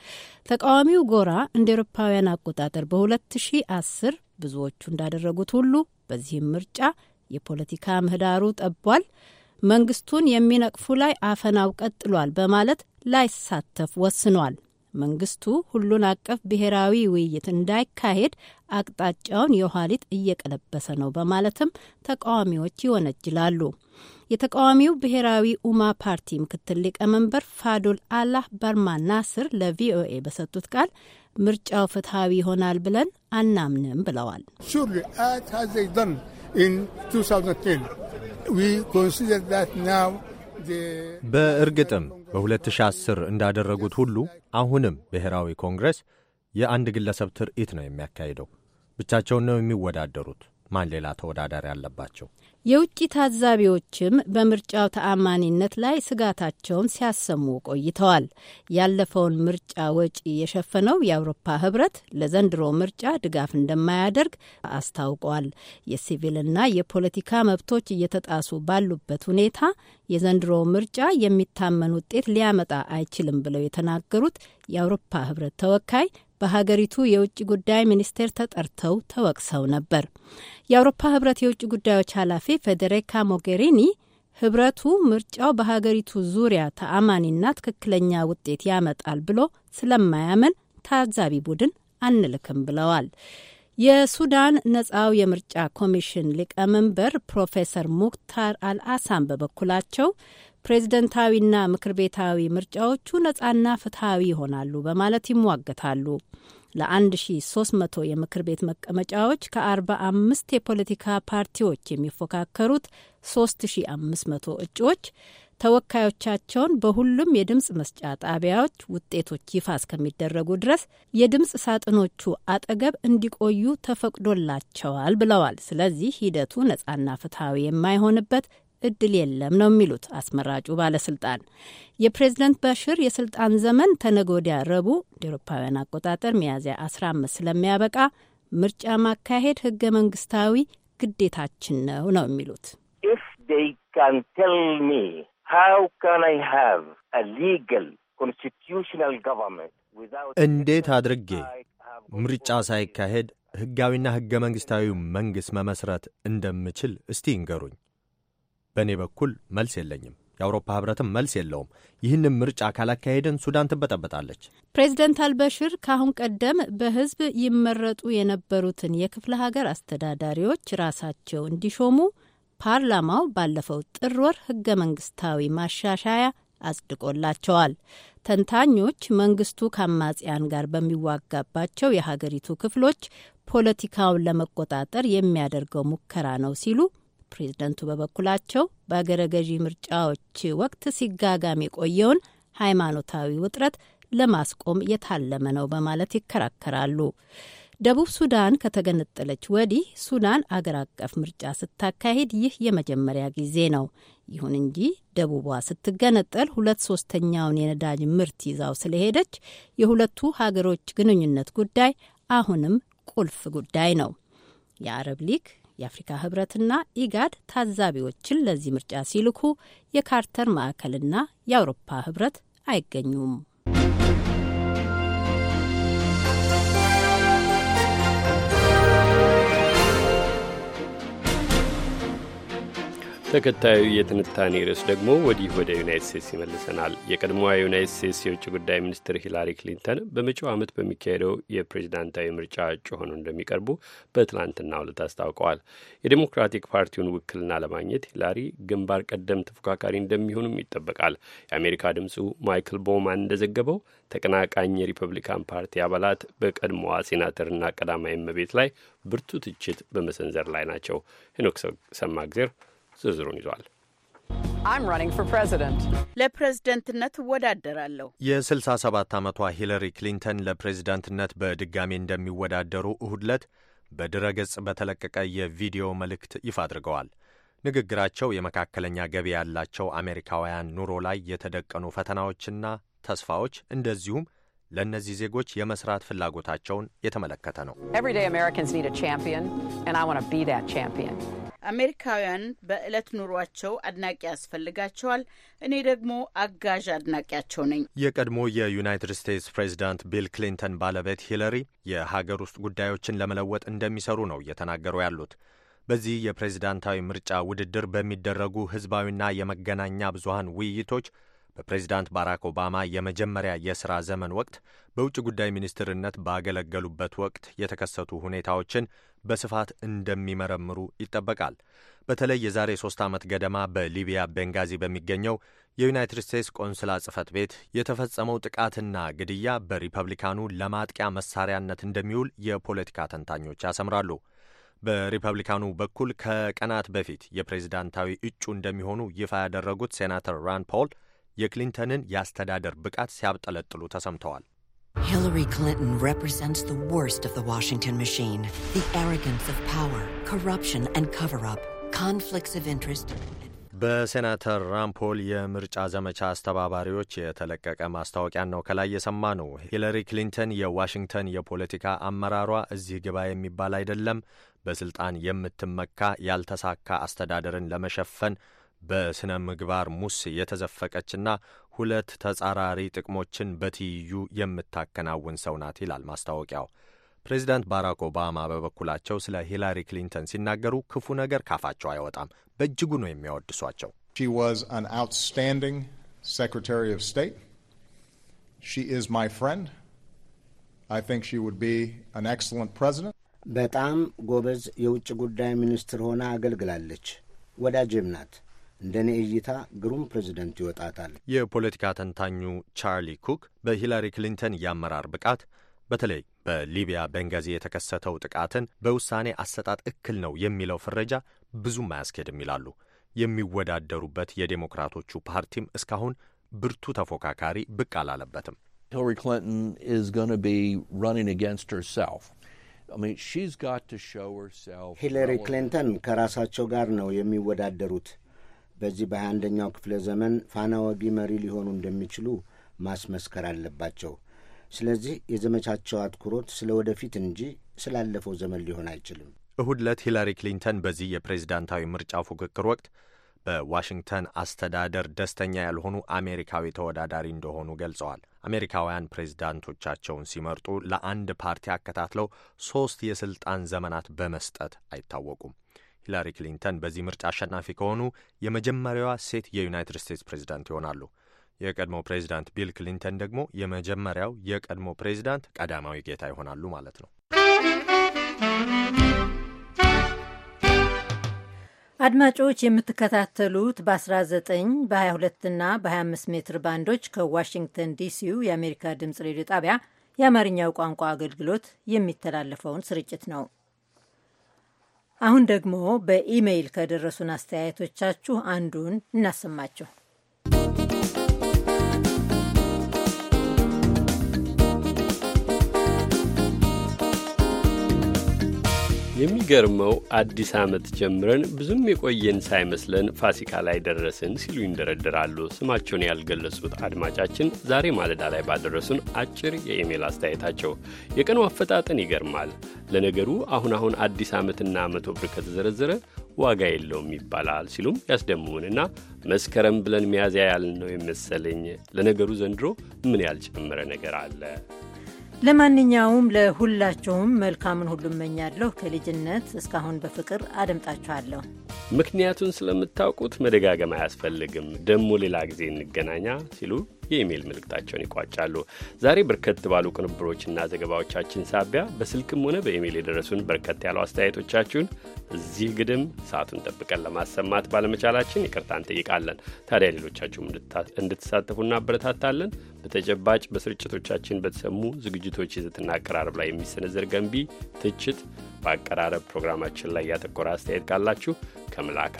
ተቃዋሚው ጎራ እንደ ኤሮፓውያን አቆጣጠር በ2010 ብዙዎቹ እንዳደረጉት ሁሉ በዚህም ምርጫ የፖለቲካ ምህዳሩ ጠቧል፣ መንግስቱን የሚነቅፉ ላይ አፈናው ቀጥሏል በማለት ላይሳተፍ ወስኗል። መንግስቱ ሁሉን አቀፍ ብሔራዊ ውይይት እንዳይካሄድ አቅጣጫውን የኋሊት እየቀለበሰ ነው በማለትም ተቃዋሚዎች ይወነጅላሉ። የተቃዋሚው ብሔራዊ ኡማ ፓርቲ ምክትል ሊቀመንበር ፋዶል አላህ በርማ ናስር ለቪኦኤ በሰጡት ቃል ምርጫው ፍትሐዊ ይሆናል ብለን አናምንም ብለዋል። በእርግጥም በ2010 እንዳደረጉት ሁሉ አሁንም ብሔራዊ ኮንግረስ የአንድ ግለሰብ ትርኢት ነው የሚያካሂደው። ብቻቸውን ነው የሚወዳደሩት። ማን ሌላ ተወዳዳሪ አለባቸው? የውጭ ታዛቢዎችም በምርጫው ተአማኒነት ላይ ስጋታቸውን ሲያሰሙ ቆይተዋል። ያለፈውን ምርጫ ወጪ የሸፈነው የአውሮፓ ህብረት ለዘንድሮ ምርጫ ድጋፍ እንደማያደርግ አስታውቋል። የሲቪልና የፖለቲካ መብቶች እየተጣሱ ባሉበት ሁኔታ የዘንድሮ ምርጫ የሚታመን ውጤት ሊያመጣ አይችልም ብለው የተናገሩት የአውሮፓ ህብረት ተወካይ በሀገሪቱ የውጭ ጉዳይ ሚኒስቴር ተጠርተው ተወቅሰው ነበር። የአውሮፓ ህብረት የውጭ ጉዳዮች ኃላፊ ፌዴሪካ ሞጌሪኒ ህብረቱ ምርጫው በሀገሪቱ ዙሪያ ተአማኒና ትክክለኛ ውጤት ያመጣል ብሎ ስለማያምን ታዛቢ ቡድን አንልክም ብለዋል። የሱዳን ነጻው የምርጫ ኮሚሽን ሊቀመንበር ፕሮፌሰር ሙክታር አልአሳም በበኩላቸው ፕሬዝደንታዊና ምክር ቤታዊ ምርጫዎቹ ነጻና ፍትሐዊ ይሆናሉ በማለት ይሟገታሉ። ለ1300 የምክር ቤት መቀመጫዎች ከ45 የፖለቲካ ፓርቲዎች የሚፎካከሩት 3500 እጩዎች ተወካዮቻቸውን በሁሉም የድምፅ መስጫ ጣቢያዎች ውጤቶች ይፋ እስከሚደረጉ ድረስ የድምፅ ሳጥኖቹ አጠገብ እንዲቆዩ ተፈቅዶላቸዋል ብለዋል። ስለዚህ ሂደቱ ነጻና ፍትሐዊ የማይሆንበት እድል የለም ነው የሚሉት አስመራጩ ባለስልጣን። የፕሬዝደንት በሽር የስልጣን ዘመን ተነጎዲያ ረቡዕ እንደ አውሮፓውያን አቆጣጠር ሚያዝያ 15 ስለሚያበቃ ምርጫ ማካሄድ ህገ መንግስታዊ ግዴታችን ነው ነው የሚሉት እንዴት አድርጌ ምርጫ ሳይካሄድ ህጋዊና ህገ መንግስታዊ መንግሥት መመስረት እንደምችል እስቲ ይንገሩኝ። በእኔ በኩል መልስ የለኝም። የአውሮፓ ህብረትም መልስ የለውም። ይህንም ምርጫ ካላካሄድን ሱዳን ትበጠበጣለች። ፕሬዚደንት አልበሽር ከአሁን ቀደም በህዝብ ይመረጡ የነበሩትን የክፍለ ሀገር አስተዳዳሪዎች ራሳቸው እንዲሾሙ ፓርላማው ባለፈው ጥር ወር ህገ መንግስታዊ ማሻሻያ አጽድቆላቸዋል። ተንታኞች መንግስቱ ከአማጽያን ጋር በሚዋጋባቸው የሀገሪቱ ክፍሎች ፖለቲካውን ለመቆጣጠር የሚያደርገው ሙከራ ነው ሲሉ ፕሬዝደንቱ በበኩላቸው በአገረ ገዢ ምርጫዎች ወቅት ሲጋጋም የቆየውን ሃይማኖታዊ ውጥረት ለማስቆም የታለመ ነው በማለት ይከራከራሉ። ደቡብ ሱዳን ከተገነጠለች ወዲህ ሱዳን አገር አቀፍ ምርጫ ስታካሄድ ይህ የመጀመሪያ ጊዜ ነው። ይሁን እንጂ ደቡቧ ስትገነጠል ሁለት ሶስተኛውን የነዳጅ ምርት ይዛው ስለሄደች የሁለቱ ሀገሮች ግንኙነት ጉዳይ አሁንም ቁልፍ ጉዳይ ነው። የአረብ ሊግ የአፍሪካ ህብረትና ኢጋድ ታዛቢዎችን ለዚህ ምርጫ ሲልኩ የካርተር ማዕከልና የአውሮፓ ህብረት አይገኙም። ተከታዩ የትንታኔ ርዕስ ደግሞ ወዲህ ወደ ዩናይት ስቴትስ ይመልሰናል። የቀድሞዋ የዩናይት ስቴትስ የውጭ ጉዳይ ሚኒስትር ሂላሪ ክሊንተን በመጪው ዓመት በሚካሄደው የፕሬዚዳንታዊ ምርጫ እጩ ሆኖ እንደሚቀርቡ በትላንትናው ዕለት አስታውቀዋል። የዴሞክራቲክ ፓርቲውን ውክልና ለማግኘት ሂላሪ ግንባር ቀደም ተፎካካሪ እንደሚሆኑም ይጠበቃል። የአሜሪካ ድምፁ ማይክል ቦማን እንደዘገበው ተቀናቃኝ የሪፐብሊካን ፓርቲ አባላት በቀድሞዋ ሴናተርና ቀዳማዊ እመቤት ላይ ብርቱ ትችት በመሰንዘር ላይ ናቸው። ሄኖክ ሰማግዜር ዝርዝሩን ይዟል። ለፕሬዝደንትነት እወዳደራለሁ። የ67 ዓመቷ ሂለሪ ክሊንተን ለፕሬዝደንትነት በድጋሜ እንደሚወዳደሩ እሁድ ዕለት ገጽ በተለቀቀ የቪዲዮ መልእክት ይፋ አድርገዋል። ንግግራቸው የመካከለኛ ገቢ ያላቸው አሜሪካውያን ኑሮ ላይ የተደቀኑ ፈተናዎችና ተስፋዎች እንደዚሁም ለእነዚህ ዜጎች የመስራት ፍላጎታቸውን የተመለከተ ነው። አሜሪካውያን በዕለት ኑሯቸው አድናቂ ያስፈልጋቸዋል። እኔ ደግሞ አጋዥ አድናቂያቸው ነኝ። የቀድሞ የዩናይትድ ስቴትስ ፕሬዚዳንት ቢል ክሊንተን ባለቤት ሂለሪ የሀገር ውስጥ ጉዳዮችን ለመለወጥ እንደሚሰሩ ነው እየተናገሩ ያሉት። በዚህ የፕሬዝዳንታዊ ምርጫ ውድድር በሚደረጉ ህዝባዊና የመገናኛ ብዙሀን ውይይቶች በፕሬዚዳንት ባራክ ኦባማ የመጀመሪያ የሥራ ዘመን ወቅት በውጭ ጉዳይ ሚኒስትርነት ባገለገሉበት ወቅት የተከሰቱ ሁኔታዎችን በስፋት እንደሚመረምሩ ይጠበቃል። በተለይ የዛሬ ሶስት ዓመት ገደማ በሊቢያ ቤንጋዚ በሚገኘው የዩናይትድ ስቴትስ ቆንስላ ጽሕፈት ቤት የተፈጸመው ጥቃትና ግድያ በሪፐብሊካኑ ለማጥቂያ መሳሪያነት እንደሚውል የፖለቲካ ተንታኞች ያሰምራሉ። በሪፐብሊካኑ በኩል ከቀናት በፊት የፕሬዝዳንታዊ እጩ እንደሚሆኑ ይፋ ያደረጉት ሴናተር ራንድ ፖል የክሊንተንን የአስተዳደር ብቃት ሲያብጠለጥሉ ተሰምተዋል። Hillary Clinton represents the worst of the Washington machine. The arrogance of power, corruption and cover-up, conflicts of interest. በሴናተር ራምፖል የምርጫ ዘመቻ አስተባባሪዎች የተለቀቀ ማስታወቂያን ነው ከላይ የሰማ ነው። ሂለሪ ክሊንተን የዋሽንግተን የፖለቲካ አመራሯ እዚህ ግባ የሚባል አይደለም፣ በስልጣን የምትመካ ያልተሳካ አስተዳደርን ለመሸፈን በሥነ ምግባር ሙስ የተዘፈቀችና ሁለት ተጻራሪ ጥቅሞችን በትይዩ የምታከናውን ሰው ናት ይላል ማስታወቂያው። ፕሬዚዳንት ባራክ ኦባማ በበኩላቸው ስለ ሂላሪ ክሊንተን ሲናገሩ ክፉ ነገር ካፋቸው አይወጣም፣ በእጅጉ ነው የሚያወድሷቸው። በጣም ጎበዝ የውጭ ጉዳይ ሚኒስትር ሆና አገልግላለች። ወዳጅም ናት። እንደ እኔ እይታ ግሩም ፕሬዚደንት ይወጣታል። የፖለቲካ ተንታኙ ቻርሊ ኩክ በሂላሪ ክሊንተን የአመራር ብቃት በተለይ በሊቢያ ቤንጋዚ የተከሰተው ጥቃትን በውሳኔ አሰጣጥ እክል ነው የሚለው ፍረጃ ብዙም አያስኬድም ይላሉ። የሚወዳደሩበት የዴሞክራቶቹ ፓርቲም እስካሁን ብርቱ ተፎካካሪ ብቅ አላለበትም። ሂላሪ ክሊንተን is going to ሂለሪ ክሊንተን ከራሳቸው ጋር ነው የሚወዳደሩት። በዚህ በሃያ አንደኛው ክፍለ ዘመን ፋና ወጊ መሪ ሊሆኑ እንደሚችሉ ማስመስከር አለባቸው። ስለዚህ የዘመቻቸው አትኩሮት ስለ ወደፊት እንጂ ስላለፈው ዘመን ሊሆን አይችልም። እሁድ ዕለት ሂላሪ ክሊንተን በዚህ የፕሬዝዳንታዊ ምርጫ ፉክክር ወቅት በዋሽንግተን አስተዳደር ደስተኛ ያልሆኑ አሜሪካዊ ተወዳዳሪ እንደሆኑ ገልጸዋል። አሜሪካውያን ፕሬዝዳንቶቻቸውን ሲመርጡ ለአንድ ፓርቲ አከታትለው ሶስት የስልጣን ዘመናት በመስጠት አይታወቁም። ሂላሪ ክሊንተን በዚህ ምርጫ አሸናፊ ከሆኑ የመጀመሪያዋ ሴት የዩናይትድ ስቴትስ ፕሬዚዳንት ይሆናሉ። የቀድሞ ፕሬዚዳንት ቢል ክሊንተን ደግሞ የመጀመሪያው የቀድሞ ፕሬዚዳንት ቀዳማዊ ጌታ ይሆናሉ ማለት ነው። አድማጮች የምትከታተሉት በ19 በ22 እና በ25 ሜትር ባንዶች ከዋሽንግተን ዲሲው የአሜሪካ ድምፅ ሬዲዮ ጣቢያ የአማርኛው ቋንቋ አገልግሎት የሚተላለፈውን ስርጭት ነው። አሁን ደግሞ በኢሜይል ከደረሱን አስተያየቶቻችሁ አንዱን እናሰማችሁ። የሚገርመው አዲስ ዓመት ጀምረን ብዙም የቆየን ሳይመስለን ፋሲካ ላይ ደረስን ሲሉ ይንደረደራሉ ስማቸውን ያልገለጹት አድማጫችን ዛሬ ማለዳ ላይ ባደረሱን አጭር የኢሜል አስተያየታቸው። የቀኑ አፈጣጠን ይገርማል። ለነገሩ አሁን አሁን አዲስ ዓመትና መቶ ብር ከተዘረዘረ ዋጋ የለውም ይባላል ሲሉም ያስደምሙንና መስከረም ብለን ሚያዝያ ያልን ነው የመሰለኝ። ለነገሩ ዘንድሮ ምን ያልጨመረ ነገር አለ? ለማንኛውም ለሁላቸውም መልካምን ሁሉ እመኛለሁ። ከልጅነት እስካሁን በፍቅር አደምጣችኋለሁ። ምክንያቱን ስለምታውቁት መደጋገም አያስፈልግም። ደሞ ሌላ ጊዜ እንገናኛ ሲሉ የኢሜይል መልእክታቸውን ይቋጫሉ። ዛሬ በርከት ባሉ ቅንብሮችና ዘገባዎቻችን ሳቢያ በስልክም ሆነ በኢሜይል የደረሱን በርከት ያሉ አስተያየቶቻችሁን እዚህ ግድም ሰዓቱን ጠብቀን ለማሰማት ባለመቻላችን ይቅርታ እንጠይቃለን። ታዲያ ሌሎቻችሁም እንድትሳተፉ እናበረታታለን። በተጨባጭ በስርጭቶቻችን በተሰሙ ዝግጅቶች ይዘትና አቀራረብ ላይ የሚሰነዘር ገንቢ ትችት፣ በአቀራረብ ፕሮግራማችን ላይ ያተኮረ አስተያየት ካላችሁ ከመላክ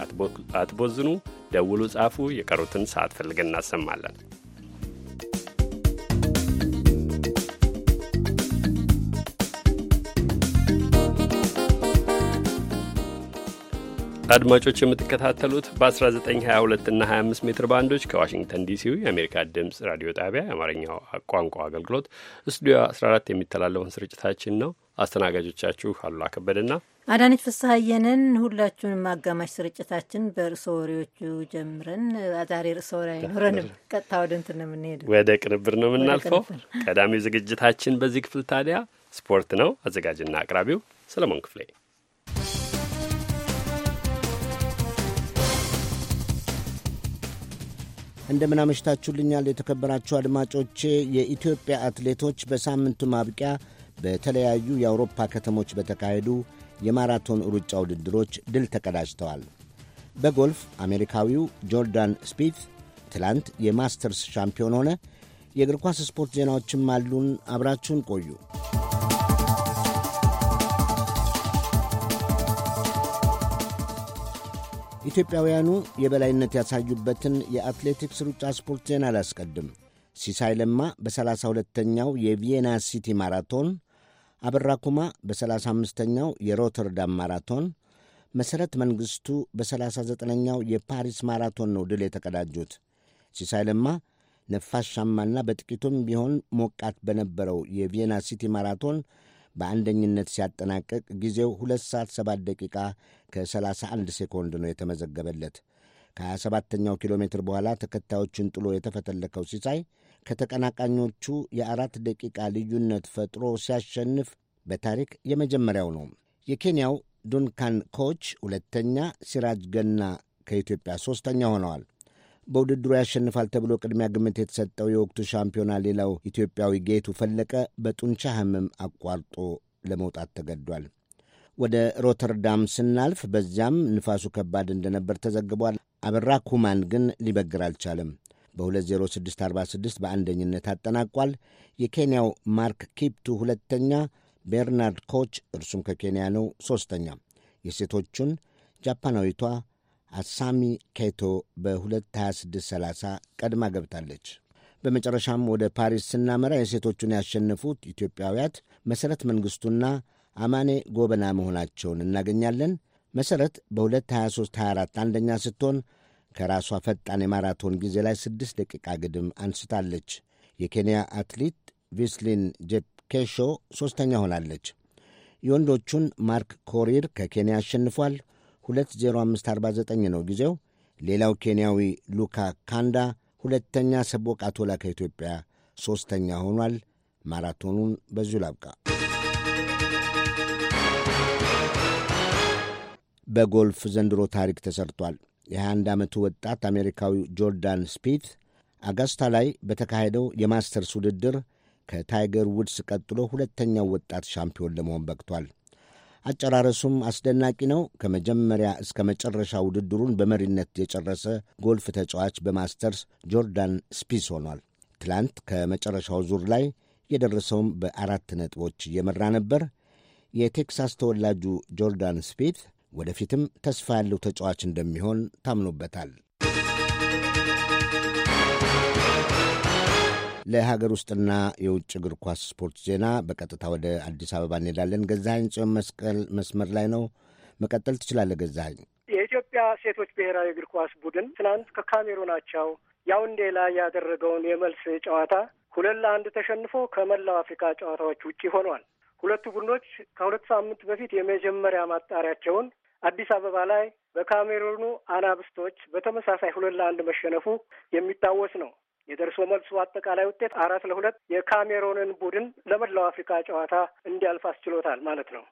አትቦዝኑ፣ ደውሉ፣ ጻፉ። የቀሩትን ሰዓት ፈልገን እናሰማለን። አድማጮች የምትከታተሉት በ1922 እና 25 ሜትር ባንዶች ከዋሽንግተን ዲሲው የአሜሪካ ድምፅ ራዲዮ ጣቢያ የአማርኛው ቋንቋ አገልግሎት ስቱዲዮ 14 የሚተላለፈውን ስርጭታችን ነው። አስተናጋጆቻችሁ አሉላ ከበደና አዳነች ፍስሐየንን። ሁላችሁንም አጋማሽ ስርጭታችን በርዕሰ ወሬዎቹ ጀምረን ዛሬ ርዕሰ ወሬ አይኖረንም። ቀጥታ ወደ እንትን ነው የምንሄደው፣ ወደ ቅንብር ነው የምናልፈው። ቀዳሚው ዝግጅታችን በዚህ ክፍል ታዲያ ስፖርት ነው። አዘጋጅና አቅራቢው ሰለሞን ክፍሌ እንደምን አመሽታችሁልኛል የተከበራችሁ አድማጮቼ። የኢትዮጵያ አትሌቶች በሳምንቱ ማብቂያ በተለያዩ የአውሮፓ ከተሞች በተካሄዱ የማራቶን ሩጫ ውድድሮች ድል ተቀዳጅተዋል። በጎልፍ አሜሪካዊው ጆርዳን ስፒት ትላንት የማስተርስ ሻምፒዮን ሆነ። የእግር ኳስ ስፖርት ዜናዎችም አሉን። አብራችሁን ቆዩ። ኢትዮጵያውያኑ የበላይነት ያሳዩበትን የአትሌቲክስ ሩጫ ስፖርት ዜና አላስቀድም። ሲሳይ ለማ በ32ተኛው የቪየና ሲቲ ማራቶን፣ አበራ በ 35 ተኛው የሮተርዳም ማራቶን፣ መሠረት መንግሥቱ በ39ኛው የፓሪስ ማራቶን ነው ድል የተቀዳጁት። ሲሳይለማ ነፋሻማና በጥቂቱም ቢሆን ሞቃት በነበረው የቪየና ሲቲ ማራቶን በአንደኝነት ሲያጠናቀቅ ጊዜው 2 ሰዓት 7 ደቂቃ ከ31 ሴኮንድ ነው የተመዘገበለት። 27 ተኛው ኪሎ ሜትር በኋላ ተከታዮችን ጥሎ የተፈተለከው ሲሳይ ከተቀናቃኞቹ የአራት ደቂቃ ልዩነት ፈጥሮ ሲያሸንፍ በታሪክ የመጀመሪያው ነው። የኬንያው ዱንካን ኮች ሁለተኛ፣ ሲራጅ ገና ከኢትዮጵያ ሦስተኛ ሆነዋል። በውድድሩ ያሸንፋል ተብሎ ቅድሚያ ግምት የተሰጠው የወቅቱ ሻምፒዮና ሌላው ኢትዮጵያዊ ጌቱ ፈለቀ በጡንቻ ሕመም አቋርጦ ለመውጣት ተገዷል። ወደ ሮተርዳም ስናልፍ በዚያም ንፋሱ ከባድ እንደነበር ተዘግቧል። አበራ ኩማን ግን ሊበግር አልቻለም። በ20646 በአንደኝነት አጠናቋል። የኬንያው ማርክ ኪፕቱ ሁለተኛ፣ ቤርናርድ ኮች እርሱም ከኬንያ ነው ሦስተኛ። የሴቶቹን ጃፓናዊቷ አሳሚ ኬቶ በ22630 ቀድማ ገብታለች። በመጨረሻም ወደ ፓሪስ ስናመራ የሴቶቹን ያሸነፉት ኢትዮጵያውያት መሠረት መንግሥቱና አማኔ ጎበና መሆናቸውን እናገኛለን። መሠረት በ22324 አንደኛ ስትሆን ከራሷ ፈጣን የማራቶን ጊዜ ላይ 6 ደቂቃ ግድም አንስታለች። የኬንያ አትሌት ቪስሊን ጄፕኬሾ ሦስተኛ ሆናለች። የወንዶቹን ማርክ ኮሪር ከኬንያ አሸንፏል። 20549 ነው ጊዜው። ሌላው ኬንያዊ ሉካ ካንዳ ሁለተኛ፣ ሰቦቃ ቶላ ከኢትዮጵያ ሦስተኛ ሆኗል። ማራቶኑን በዚሁ ላብቃ። በጎልፍ ዘንድሮ ታሪክ ተሰርቷል። የ21 ዓመቱ ወጣት አሜሪካዊ ጆርዳን ስፒት አጋስታ ላይ በተካሄደው የማስተርስ ውድድር ከታይገር ውድስ ቀጥሎ ሁለተኛው ወጣት ሻምፒዮን ለመሆን በቅቷል። አጨራረሱም አስደናቂ ነው። ከመጀመሪያ እስከ መጨረሻ ውድድሩን በመሪነት የጨረሰ ጎልፍ ተጫዋች በማስተርስ ጆርዳን ስፒስ ሆኗል። ትላንት ከመጨረሻው ዙር ላይ የደረሰውም በአራት ነጥቦች እየመራ ነበር። የቴክሳስ ተወላጁ ጆርዳን ስፒት ወደፊትም ተስፋ ያለው ተጫዋች እንደሚሆን ታምኖበታል። ለሀገር ውስጥና የውጭ እግር ኳስ ስፖርት ዜና በቀጥታ ወደ አዲስ አበባ እንሄዳለን። ገዛኸኝ ጽዮን መስቀል መስመር ላይ ነው። መቀጠል ትችላለህ ገዛኸኝ። የኢትዮጵያ ሴቶች ብሔራዊ እግር ኳስ ቡድን ትናንት አቻው ያውንዴ ላይ ያደረገውን የመልስ ጨዋታ ሁለት ለአንድ ተሸንፎ ከመላው አፍሪካ ጨዋታዎች ውጪ ሆኗል። ሁለቱ ቡድኖች ከሁለት ሳምንት በፊት የመጀመሪያ ማጣሪያቸውን አዲስ አበባ ላይ በካሜሩኑ አናብስቶች በተመሳሳይ ሁለት ለአንድ መሸነፉ የሚታወስ ነው። የደርሶ መልሱ አጠቃላይ ውጤት አራት ለሁለት የካሜሮንን ቡድን ለመላው አፍሪካ ጨዋታ እንዲያልፍ አስችሎታል ማለት ነው።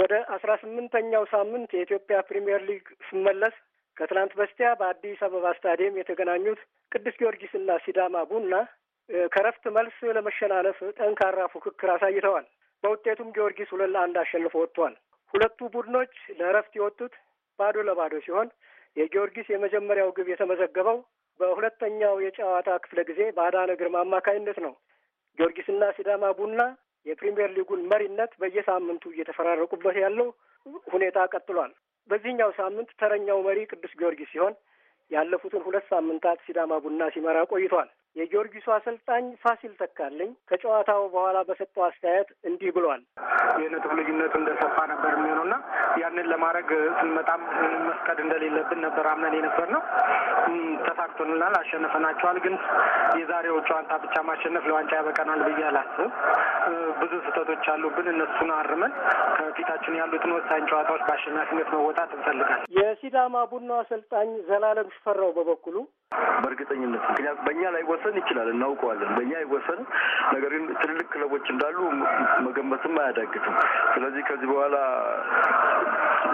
ወደ አስራ ስምንተኛው ሳምንት የኢትዮጵያ ፕሪምየር ሊግ ስመለስ ከትናንት በስቲያ በአዲስ አበባ ስታዲየም የተገናኙት ቅዱስ እና ሲዳማ ቡና ከረፍት መልስ ለመሸናነፍ ጠንካራ ፉክክር አሳይተዋል። በውጤቱም ጊዮርጊስ ሁለት ለአንድ አሸንፎ ወጥቷል። ሁለቱ ቡድኖች ለእረፍት የወጡት ባዶ ለባዶ ሲሆን የጊዮርጊስ የመጀመሪያው ግብ የተመዘገበው በሁለተኛው የጨዋታ ክፍለ ጊዜ በአዳነ ግርማ አማካኝነት ነው። ጊዮርጊስና ሲዳማ ቡና የፕሪምየር ሊጉን መሪነት በየሳምንቱ እየተፈራረቁበት ያለው ሁኔታ ቀጥሏል። በዚህኛው ሳምንት ተረኛው መሪ ቅዱስ ጊዮርጊስ ሲሆን ያለፉትን ሁለት ሳምንታት ሲዳማ ቡና ሲመራ ቆይቷል። የጊዮርጊሱ አሰልጣኝ ፋሲል ተካልኝ ከጨዋታው በኋላ በሰጠው አስተያየት እንዲህ ብሏል። የነጥብ ልዩነቱ እንደሰፋ ነበር የሚሆነው ያንን ለማድረግ ስንመጣም መፍቀድ እንደሌለብን ነበር አምነን የነበር ነው። ተሳክቶንላል፣ አሸንፈናቸዋል። ግን የዛሬው ጨዋታ ብቻ ማሸነፍ ለዋንጫ ያበቀናል ብዬ አላስብም። ብዙ ስህተቶች አሉብን። እነሱን አርመን ከፊታችን ያሉትን ወሳኝ ጨዋታዎች በአሸናፊነት መወጣት እንፈልጋል። የሲዳማ ቡና አሰልጣኝ ዘላለም ሽፈራው በበኩሉ በእርግጠኝነት ምክንያቱ በእኛ ላይ ወ ሊወሰን ይችላል፣ እናውቀዋለን። በእኛ አይወሰንም። ነገር ግን ትልልቅ ክለቦች እንዳሉ መገመትም አያዳግትም። ስለዚህ ከዚህ በኋላ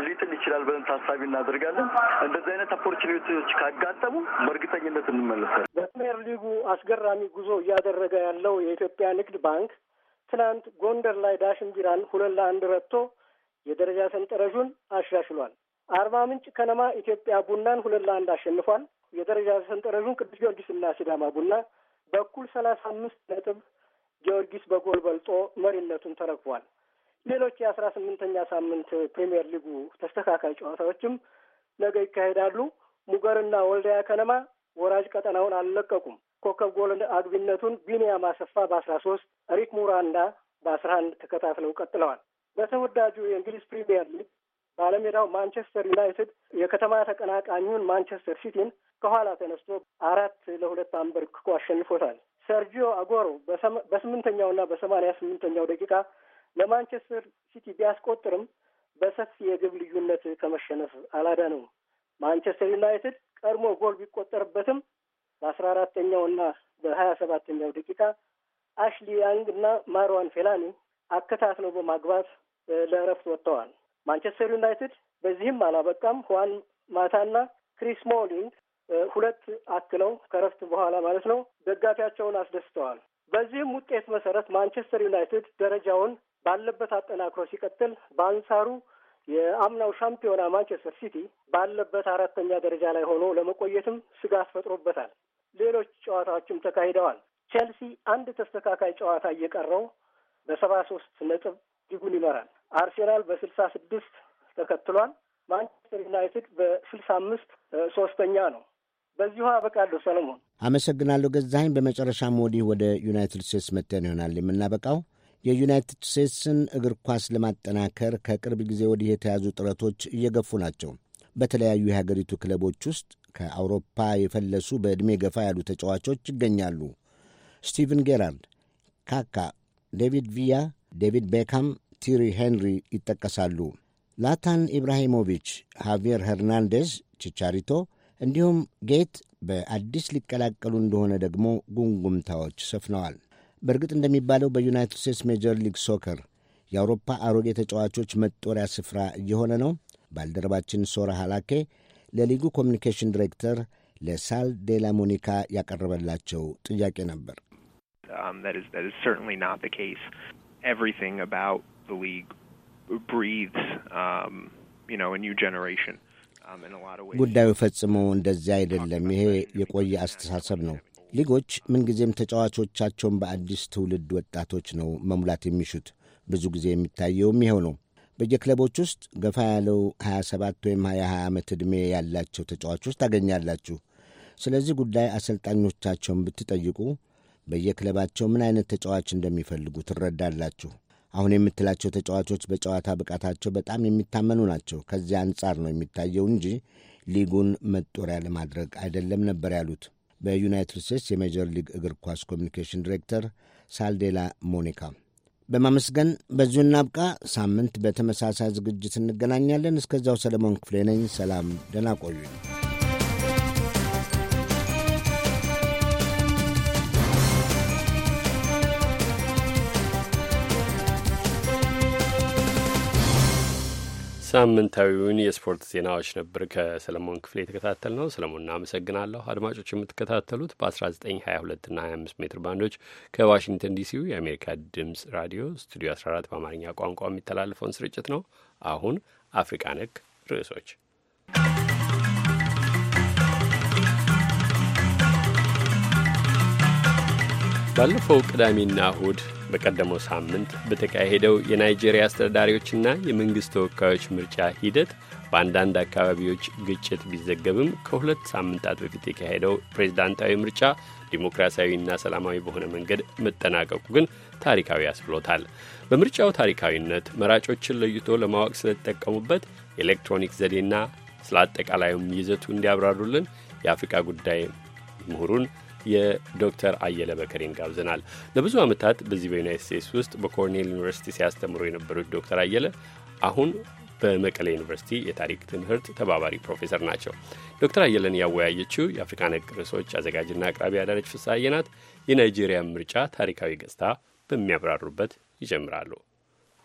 ሊጥል ይችላል ብለን ታሳቢ እናደርጋለን። እንደዚህ አይነት ኦፖርቹኒቲዎች ካጋጠሙ በእርግጠኝነት እንመለሳለን። በፕሪምየር ሊጉ አስገራሚ ጉዞ እያደረገ ያለው የኢትዮጵያ ንግድ ባንክ ትናንት ጎንደር ላይ ዳሽን ቢራን ሁለት ለአንድ ረትቶ የደረጃ ሰንጠረዡን አሻሽሏል። አርባ ምንጭ ከነማ ኢትዮጵያ ቡናን ሁለት ለአንድ አሸንፏል። የደረጃ ሰንጠረዡን ቅዱስ ጊዮርጊስ እና ሲዳማ ቡና በኩል ሰላሳ አምስት ነጥብ ጊዮርጊስ በጎል በልጦ መሪነቱን ተረክቧል። ሌሎች የአስራ ስምንተኛ ሳምንት ፕሪምየር ሊጉ ተስተካካይ ጨዋታዎችም ነገ ይካሄዳሉ። ሙገርና ወልዳያ ከነማ ወራጅ ቀጠናውን አልለቀቁም። ኮከብ ጎል አግቢነቱን ቢኒያም አሰፋ በአስራ ሶስት ሪክ ሙራንዳ በአስራ አንድ ተከታትለው ቀጥለዋል። በተወዳጁ የእንግሊዝ ፕሪምየር ሊግ ባለሜዳው ማንቸስተር ዩናይትድ የከተማ ተቀናቃኙን ማንቸስተር ሲቲን ከኋላ ተነስቶ አራት ለሁለት አንበርክኮ አሸንፎታል። ሰርጂዮ አጎሮ በስምንተኛውና በሰማኒያ ስምንተኛው ደቂቃ ለማንቸስተር ሲቲ ቢያስቆጥርም በሰፊ የግብ ልዩነት ከመሸነፍ ነው። ማንቸስተር ዩናይትድ ቀድሞ ጎል ቢቆጠርበትም በአስራ አራተኛውና በሀያ ሰባተኛው ደቂቃ አሽሊ ያንግ እና ማርዋን ፌላኒ አከታትለው በማግባት ለእረፍት ወጥተዋል። ማንቸስተር ዩናይትድ በዚህም አላበቃም። ሁዋን ማታና ክሪስ ሞሊንግ ሁለት አክለው ከረፍት በኋላ ማለት ነው ደጋፊያቸውን አስደስተዋል። በዚህም ውጤት መሰረት ማንቸስተር ዩናይትድ ደረጃውን ባለበት አጠናክሮ ሲቀጥል፣ በአንጻሩ የአምናው ሻምፒዮና ማንቸስተር ሲቲ ባለበት አራተኛ ደረጃ ላይ ሆኖ ለመቆየትም ስጋት ፈጥሮበታል። ሌሎች ጨዋታዎችም ተካሂደዋል። ቼልሲ አንድ ተስተካካይ ጨዋታ እየቀረው በሰባ ሶስት ነጥብ ሊጉን ይመራል። አርሴናል በስልሳ ስድስት ተከትሏል። ማንቸስተር ዩናይትድ በስልሳ አምስት ሶስተኛ ነው። በዚሁ አበቃለሁ። ሰለሞን አመሰግናለሁ። ገዛኸኝ፣ በመጨረሻም ወዲህ ወደ ዩናይትድ ስቴትስ መተን ይሆናል የምናበቃው። የዩናይትድ ስቴትስን እግር ኳስ ለማጠናከር ከቅርብ ጊዜ ወዲህ የተያዙ ጥረቶች እየገፉ ናቸው። በተለያዩ የሀገሪቱ ክለቦች ውስጥ ከአውሮፓ የፈለሱ በዕድሜ ገፋ ያሉ ተጫዋቾች ይገኛሉ። ስቲቨን ጌራርድ፣ ካካ፣ ዴቪድ ቪያ፣ ዴቪድ ቤካም ቲሪ ሄንሪ ይጠቀሳሉ። ላታን ኢብራሂሞቪች፣ ሃቪየር ሄርናንዴዝ ቺቻሪቶ፣ እንዲሁም ጌት በአዲስ ሊቀላቀሉ እንደሆነ ደግሞ ጉንጉምታዎች ሰፍነዋል። በእርግጥ እንደሚባለው በዩናይትድ ስቴትስ ሜጀር ሊግ ሶከር የአውሮፓ አሮጌ ተጫዋቾች መጦሪያ ስፍራ እየሆነ ነው። ባልደረባችን ሶራ ሃላኬ ለሊጉ ኮሚኒኬሽን ዲሬክተር ለሳል ዴላ ሞኒካ ያቀረበላቸው ጥያቄ ነበር። um, the league breathes, um, you know, a new generation. Um, ጉዳዩ ፈጽሞ እንደዚህ አይደለም። ይሄ የቆየ አስተሳሰብ ነው። ሊጎች ምንጊዜም ተጫዋቾቻቸውን በአዲስ ትውልድ ወጣቶች ነው መሙላት የሚሹት። ብዙ ጊዜ የሚታየውም ይኸው ነው። በየክለቦች ውስጥ ገፋ ያለው 27 ወይም 22 ዓመት ዕድሜ ያላቸው ተጫዋቾች ታገኛላችሁ። ስለዚህ ጉዳይ አሰልጣኞቻቸውን ብትጠይቁ በየክለባቸው ምን አይነት ተጫዋች እንደሚፈልጉ ትረዳላችሁ። አሁን የምትላቸው ተጫዋቾች በጨዋታ ብቃታቸው በጣም የሚታመኑ ናቸው። ከዚያ አንጻር ነው የሚታየው እንጂ ሊጉን መጦሪያ ለማድረግ አይደለም ነበር ያሉት በዩናይትድ ስቴትስ የሜጀር ሊግ እግር ኳስ ኮሚኒኬሽን ዲሬክተር ሳልዴላ ሞኒካ። በማመስገን በዚሁ እናብቃ። ሳምንት በተመሳሳይ ዝግጅት እንገናኛለን። እስከዚያው ሰለሞን ክፍሌ ነኝ። ሰላም፣ ደህና ቆዩኝ። ሳምንታዊውን የስፖርት ዜናዎች ነበር ከሰለሞን ክፍል የተከታተል ነው። ሰለሞን አመሰግናለሁ አድማጮች የምትከታተሉት በ1922ና 25 ሜትር ባንዶች ከዋሽንግተን ዲሲው የአሜሪካ ድምፅ ራዲዮ ስቱዲዮ 14 በአማርኛ ቋንቋ የሚተላለፈውን ስርጭት ነው። አሁን አፍሪቃ ነክ ርዕሶች ባለፈው ቅዳሜና እሁድ በቀደመው ሳምንት በተካሄደው የናይጄሪያ አስተዳዳሪዎችና የመንግሥት ተወካዮች ምርጫ ሂደት በአንዳንድ አካባቢዎች ግጭት ቢዘገብም ከሁለት ሳምንታት በፊት የካሄደው ፕሬዝዳንታዊ ምርጫ ዲሞክራሲያዊና ሰላማዊ በሆነ መንገድ መጠናቀቁ ግን ታሪካዊ ያስብሎታል። በምርጫው ታሪካዊነት መራጮችን ለይቶ ለማወቅ ስለተጠቀሙበት ኤሌክትሮኒክ ዘዴና ስለ አጠቃላዩም ይዘቱ እንዲያብራሩልን የአፍሪቃ ጉዳይ ምሁሩን የዶክተር አየለ በከሬን ጋብዘናል። ለብዙ ዓመታት በዚህ በዩናይት ስቴትስ ውስጥ በኮርኔል ዩኒቨርሲቲ ሲያስተምሩ የነበሩት ዶክተር አየለ አሁን በመቀሌ ዩኒቨርሲቲ የታሪክ ትምህርት ተባባሪ ፕሮፌሰር ናቸው። ዶክተር አየለን ያወያየችው የአፍሪካ ነክ ርዕሶች አዘጋጅና አቅራቢ አዳነች ፍስሐዬ ናት። ምርጫ ታሪካዊ ገጽታ በሚያብራሩበት ይጀምራሉ።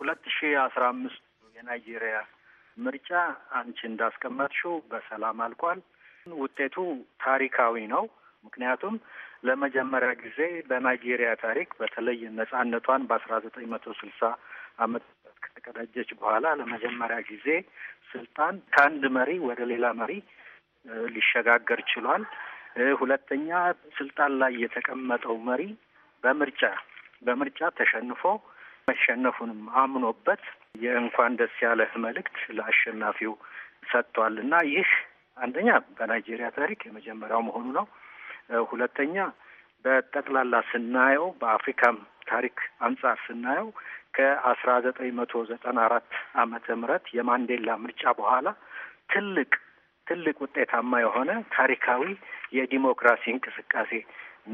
ሁለት ሺ አስራ አምስቱ የናይጄሪያ ምርጫ አንቺ እንዳስቀመጥሽው በሰላም አልቋል። ውጤቱ ታሪካዊ ነው። ምክንያቱም ለመጀመሪያ ጊዜ በናይጄሪያ ታሪክ በተለይ ነጻነቷን በአስራ ዘጠኝ መቶ ስልሳ አመት ከተቀዳጀች በኋላ ለመጀመሪያ ጊዜ ስልጣን ከአንድ መሪ ወደ ሌላ መሪ ሊሸጋገር ችሏል። ሁለተኛ ስልጣን ላይ የተቀመጠው መሪ በምርጫ በምርጫ ተሸንፎ መሸነፉንም አምኖበት የእንኳን ደስ ያለህ መልእክት ለአሸናፊው ሰጥቷል እና ይህ አንደኛ በናይጄሪያ ታሪክ የመጀመሪያው መሆኑ ነው። ሁለተኛ በጠቅላላ ስናየው በአፍሪካም ታሪክ አንጻር ስናየው ከአስራ ዘጠኝ መቶ ዘጠና አራት አመተ ምህረት የማንዴላ ምርጫ በኋላ ትልቅ ትልቅ ውጤታማ የሆነ ታሪካዊ የዲሞክራሲ እንቅስቃሴ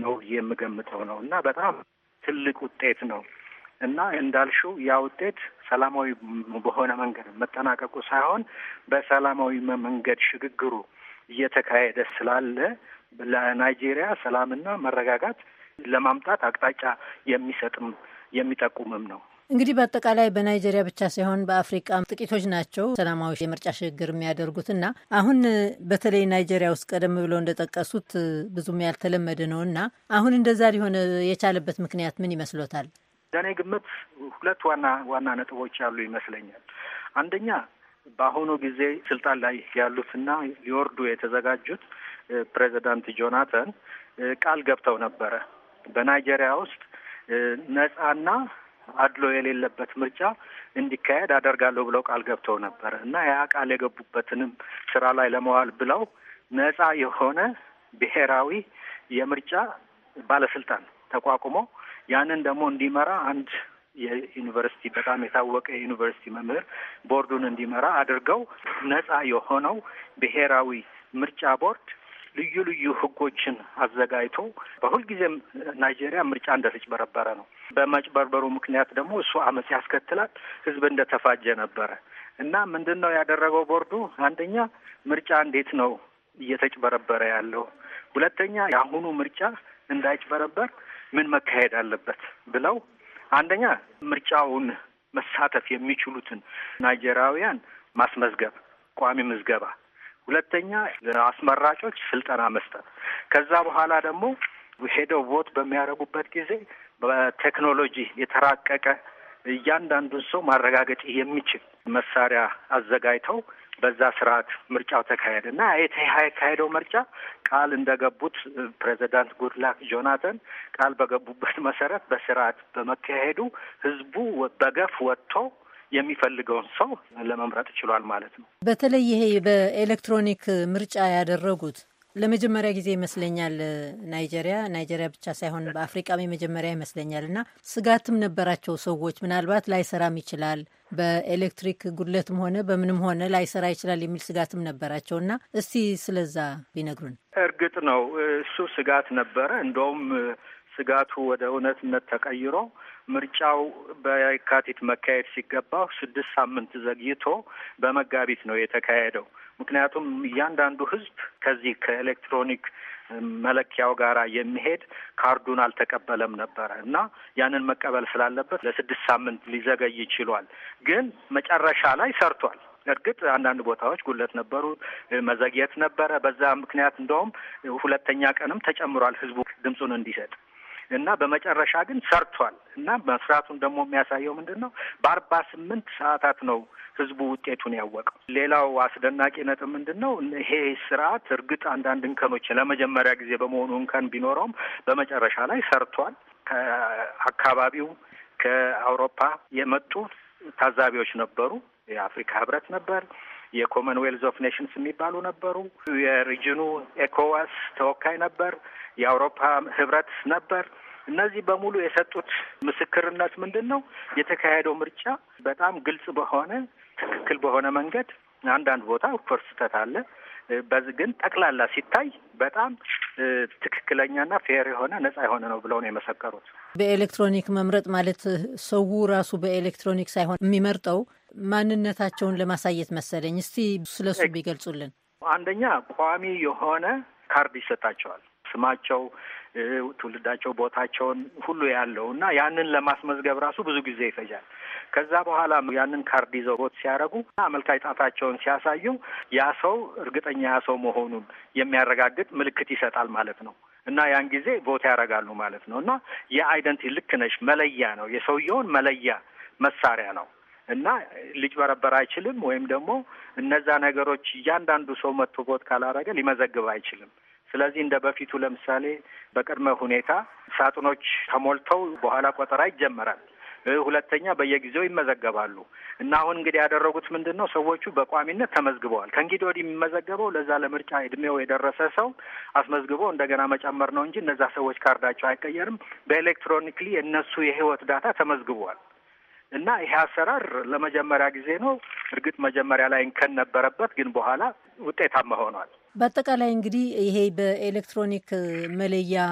ነው የምገምተው ነው እና በጣም ትልቅ ውጤት ነው እና እንዳልሽው ያ ውጤት ሰላማዊ በሆነ መንገድ መጠናቀቁ ሳይሆን በሰላማዊ መንገድ ሽግግሩ እየተካሄደ ስላለ ለናይጄሪያ ሰላምና መረጋጋት ለማምጣት አቅጣጫ የሚሰጥም የሚጠቁምም ነው። እንግዲህ በአጠቃላይ በናይጄሪያ ብቻ ሳይሆን በአፍሪቃ ጥቂቶች ናቸው ሰላማዊ የምርጫ ሽግግር የሚያደርጉት እና አሁን በተለይ ናይጄሪያ ውስጥ ቀደም ብለው እንደጠቀሱት ብዙም ያልተለመደ ነው እና አሁን እንደዛ ሊሆን የቻለበት ምክንያት ምን ይመስሎታል? ለእኔ ግምት ሁለት ዋና ዋና ነጥቦች ያሉ ይመስለኛል። አንደኛ በአሁኑ ጊዜ ስልጣን ላይ ያሉትና ሊወርዱ የተዘጋጁት ፕሬዚዳንት ጆናተን ቃል ገብተው ነበረ በናይጄሪያ ውስጥ ነጻና አድሎ የሌለበት ምርጫ እንዲካሄድ አደርጋለሁ ብለው ቃል ገብተው ነበረ እና ያ ቃል የገቡበትንም ስራ ላይ ለመዋል ብለው ነጻ የሆነ ብሔራዊ የምርጫ ባለስልጣን ተቋቁሞ ያንን ደግሞ እንዲመራ አንድ የዩኒቨርሲቲ በጣም የታወቀ የዩኒቨርሲቲ መምህር ቦርዱን እንዲመራ አድርገው ነጻ የሆነው ብሔራዊ ምርጫ ቦርድ ልዩ ልዩ ህጎችን አዘጋጅቶ በሁልጊዜም ናይጄሪያ ምርጫ እንደተጭበረበረ ነው። በመጭበርበሩ ምክንያት ደግሞ እሱ አመፅ ያስከትላል። ህዝብ እንደተፋጀ ነበረ እና ምንድን ነው ያደረገው ቦርዱ? አንደኛ ምርጫ እንዴት ነው እየተጭበረበረ ያለው፣ ሁለተኛ የአሁኑ ምርጫ እንዳይጭበረበር ምን መካሄድ አለበት ብለው አንደኛ ምርጫውን መሳተፍ የሚችሉትን ናይጄሪያውያን ማስመዝገብ ቋሚ ምዝገባ ሁለተኛ ለአስመራጮች ስልጠና መስጠት፣ ከዛ በኋላ ደግሞ ሄደው ቮት በሚያደርጉበት ጊዜ በቴክኖሎጂ የተራቀቀ እያንዳንዱን ሰው ማረጋገጥ የሚችል መሳሪያ አዘጋጅተው በዛ ስርዓት ምርጫው ተካሄደ እና የተካሄደው ምርጫ ቃል እንደገቡት ፕሬዚዳንት ጉድላክ ጆናተን ቃል በገቡበት መሰረት በስርዓት በመካሄዱ ህዝቡ በገፍ ወጥቶ የሚፈልገውን ሰው ለመምረጥ ችሏል ማለት ነው። በተለይ ይሄ በኤሌክትሮኒክ ምርጫ ያደረጉት ለመጀመሪያ ጊዜ ይመስለኛል ናይጄሪያ ናይጄሪያ ብቻ ሳይሆን በአፍሪቃም የመጀመሪያ ይመስለኛል። እና ስጋትም ነበራቸው ሰዎች ምናልባት ላይሰራም ይችላል በኤሌክትሪክ ጉድለትም ሆነ በምንም ሆነ ላይሰራ ይችላል የሚል ስጋትም ነበራቸው እና እስቲ ስለዛ ቢነግሩን። እርግጥ ነው እሱ ስጋት ነበረ። እንደውም ስጋቱ ወደ እውነትነት ተቀይሮ ምርጫው በየካቲት መካሄድ ሲገባው ስድስት ሳምንት ዘግይቶ በመጋቢት ነው የተካሄደው። ምክንያቱም እያንዳንዱ ህዝብ ከዚህ ከኤሌክትሮኒክ መለኪያው ጋራ የሚሄድ ካርዱን አልተቀበለም ነበረ እና ያንን መቀበል ስላለበት ለስድስት ሳምንት ሊዘገይ ይችሏል። ግን መጨረሻ ላይ ሰርቷል። እርግጥ አንዳንድ ቦታዎች ጉለት ነበሩ፣ መዘግየት ነበረ። በዛ ምክንያት እንደውም ሁለተኛ ቀንም ተጨምሯል ህዝቡ ድምፁን እንዲሰጥ እና በመጨረሻ ግን ሰርቷል እና መስራቱን ደግሞ የሚያሳየው ምንድን ነው? በአርባ ስምንት ሰዓታት ነው ህዝቡ ውጤቱን ያወቀው። ሌላው አስደናቂ ነጥብ ምንድን ነው? ይሄ ስርዓት እርግጥ አንዳንድ እንከኖች ለመጀመሪያ ጊዜ በመሆኑ እንከን ቢኖረውም በመጨረሻ ላይ ሰርቷል። ከአካባቢው ከአውሮፓ የመጡ ታዛቢዎች ነበሩ። የአፍሪካ ህብረት ነበር የኮመንዌልዝ ኦፍ ኔሽንስ የሚባሉ ነበሩ። የሪጅኑ ኤኮዋስ ተወካይ ነበር። የአውሮፓ ህብረት ነበር። እነዚህ በሙሉ የሰጡት ምስክርነት ምንድን ነው? የተካሄደው ምርጫ በጣም ግልጽ በሆነ ትክክል በሆነ መንገድ አንዳንድ ቦታ ኦፍኮርስ ስህተት አለ በዚህ ግን ጠቅላላ ሲታይ በጣም ትክክለኛና ፌር የሆነ ነጻ የሆነ ነው ብለው ነው የመሰከሩት። በኤሌክትሮኒክ መምረጥ ማለት ሰው ራሱ በኤሌክትሮኒክ ሳይሆን የሚመርጠው ማንነታቸውን ለማሳየት መሰለኝ። እስቲ ስለሱ ቢገልጹልን። አንደኛ ቋሚ የሆነ ካርድ ይሰጣቸዋል። ስማቸው፣ ትውልዳቸው፣ ቦታቸውን ሁሉ ያለው እና ያንን ለማስመዝገብ ራሱ ብዙ ጊዜ ይፈጃል። ከዛ በኋላ ያንን ካርድ ይዘው ቦት ሲያደርጉ አመልካች ጣታቸውን ሲያሳዩ ያ ሰው እርግጠኛ ያ ሰው መሆኑን የሚያረጋግጥ ምልክት ይሰጣል ማለት ነው። እና ያን ጊዜ ቦት ያደርጋሉ ማለት ነው። እና የአይደንቲ ልክ ነሽ መለያ ነው፣ የሰውየውን መለያ መሳሪያ ነው። እና ሊጭበረበር አይችልም። ወይም ደግሞ እነዛ ነገሮች እያንዳንዱ ሰው መጥቶ ቦት ካላረገ ሊመዘግብ አይችልም። ስለዚህ እንደ በፊቱ ለምሳሌ በቅድመ ሁኔታ ሳጥኖች ተሞልተው በኋላ ቆጠራ ይጀመራል። ሁለተኛ በየጊዜው ይመዘገባሉ እና አሁን እንግዲህ ያደረጉት ምንድን ነው? ሰዎቹ በቋሚነት ተመዝግበዋል። ከእንግዲህ ወዲህ የሚመዘገበው ለዛ ለምርጫ እድሜው የደረሰ ሰው አስመዝግቦ እንደገና መጨመር ነው እንጂ እነዛ ሰዎች ካርዳቸው አይቀየርም። በኤሌክትሮኒክሊ የእነሱ የህይወት ዳታ ተመዝግበዋል እና ይሄ አሰራር ለመጀመሪያ ጊዜ ነው። እርግጥ መጀመሪያ ላይ እንከን ነበረበት፣ ግን በኋላ ውጤታማ ሆኗል። በአጠቃላይ እንግዲህ ይሄ በኤሌክትሮኒክ መለያ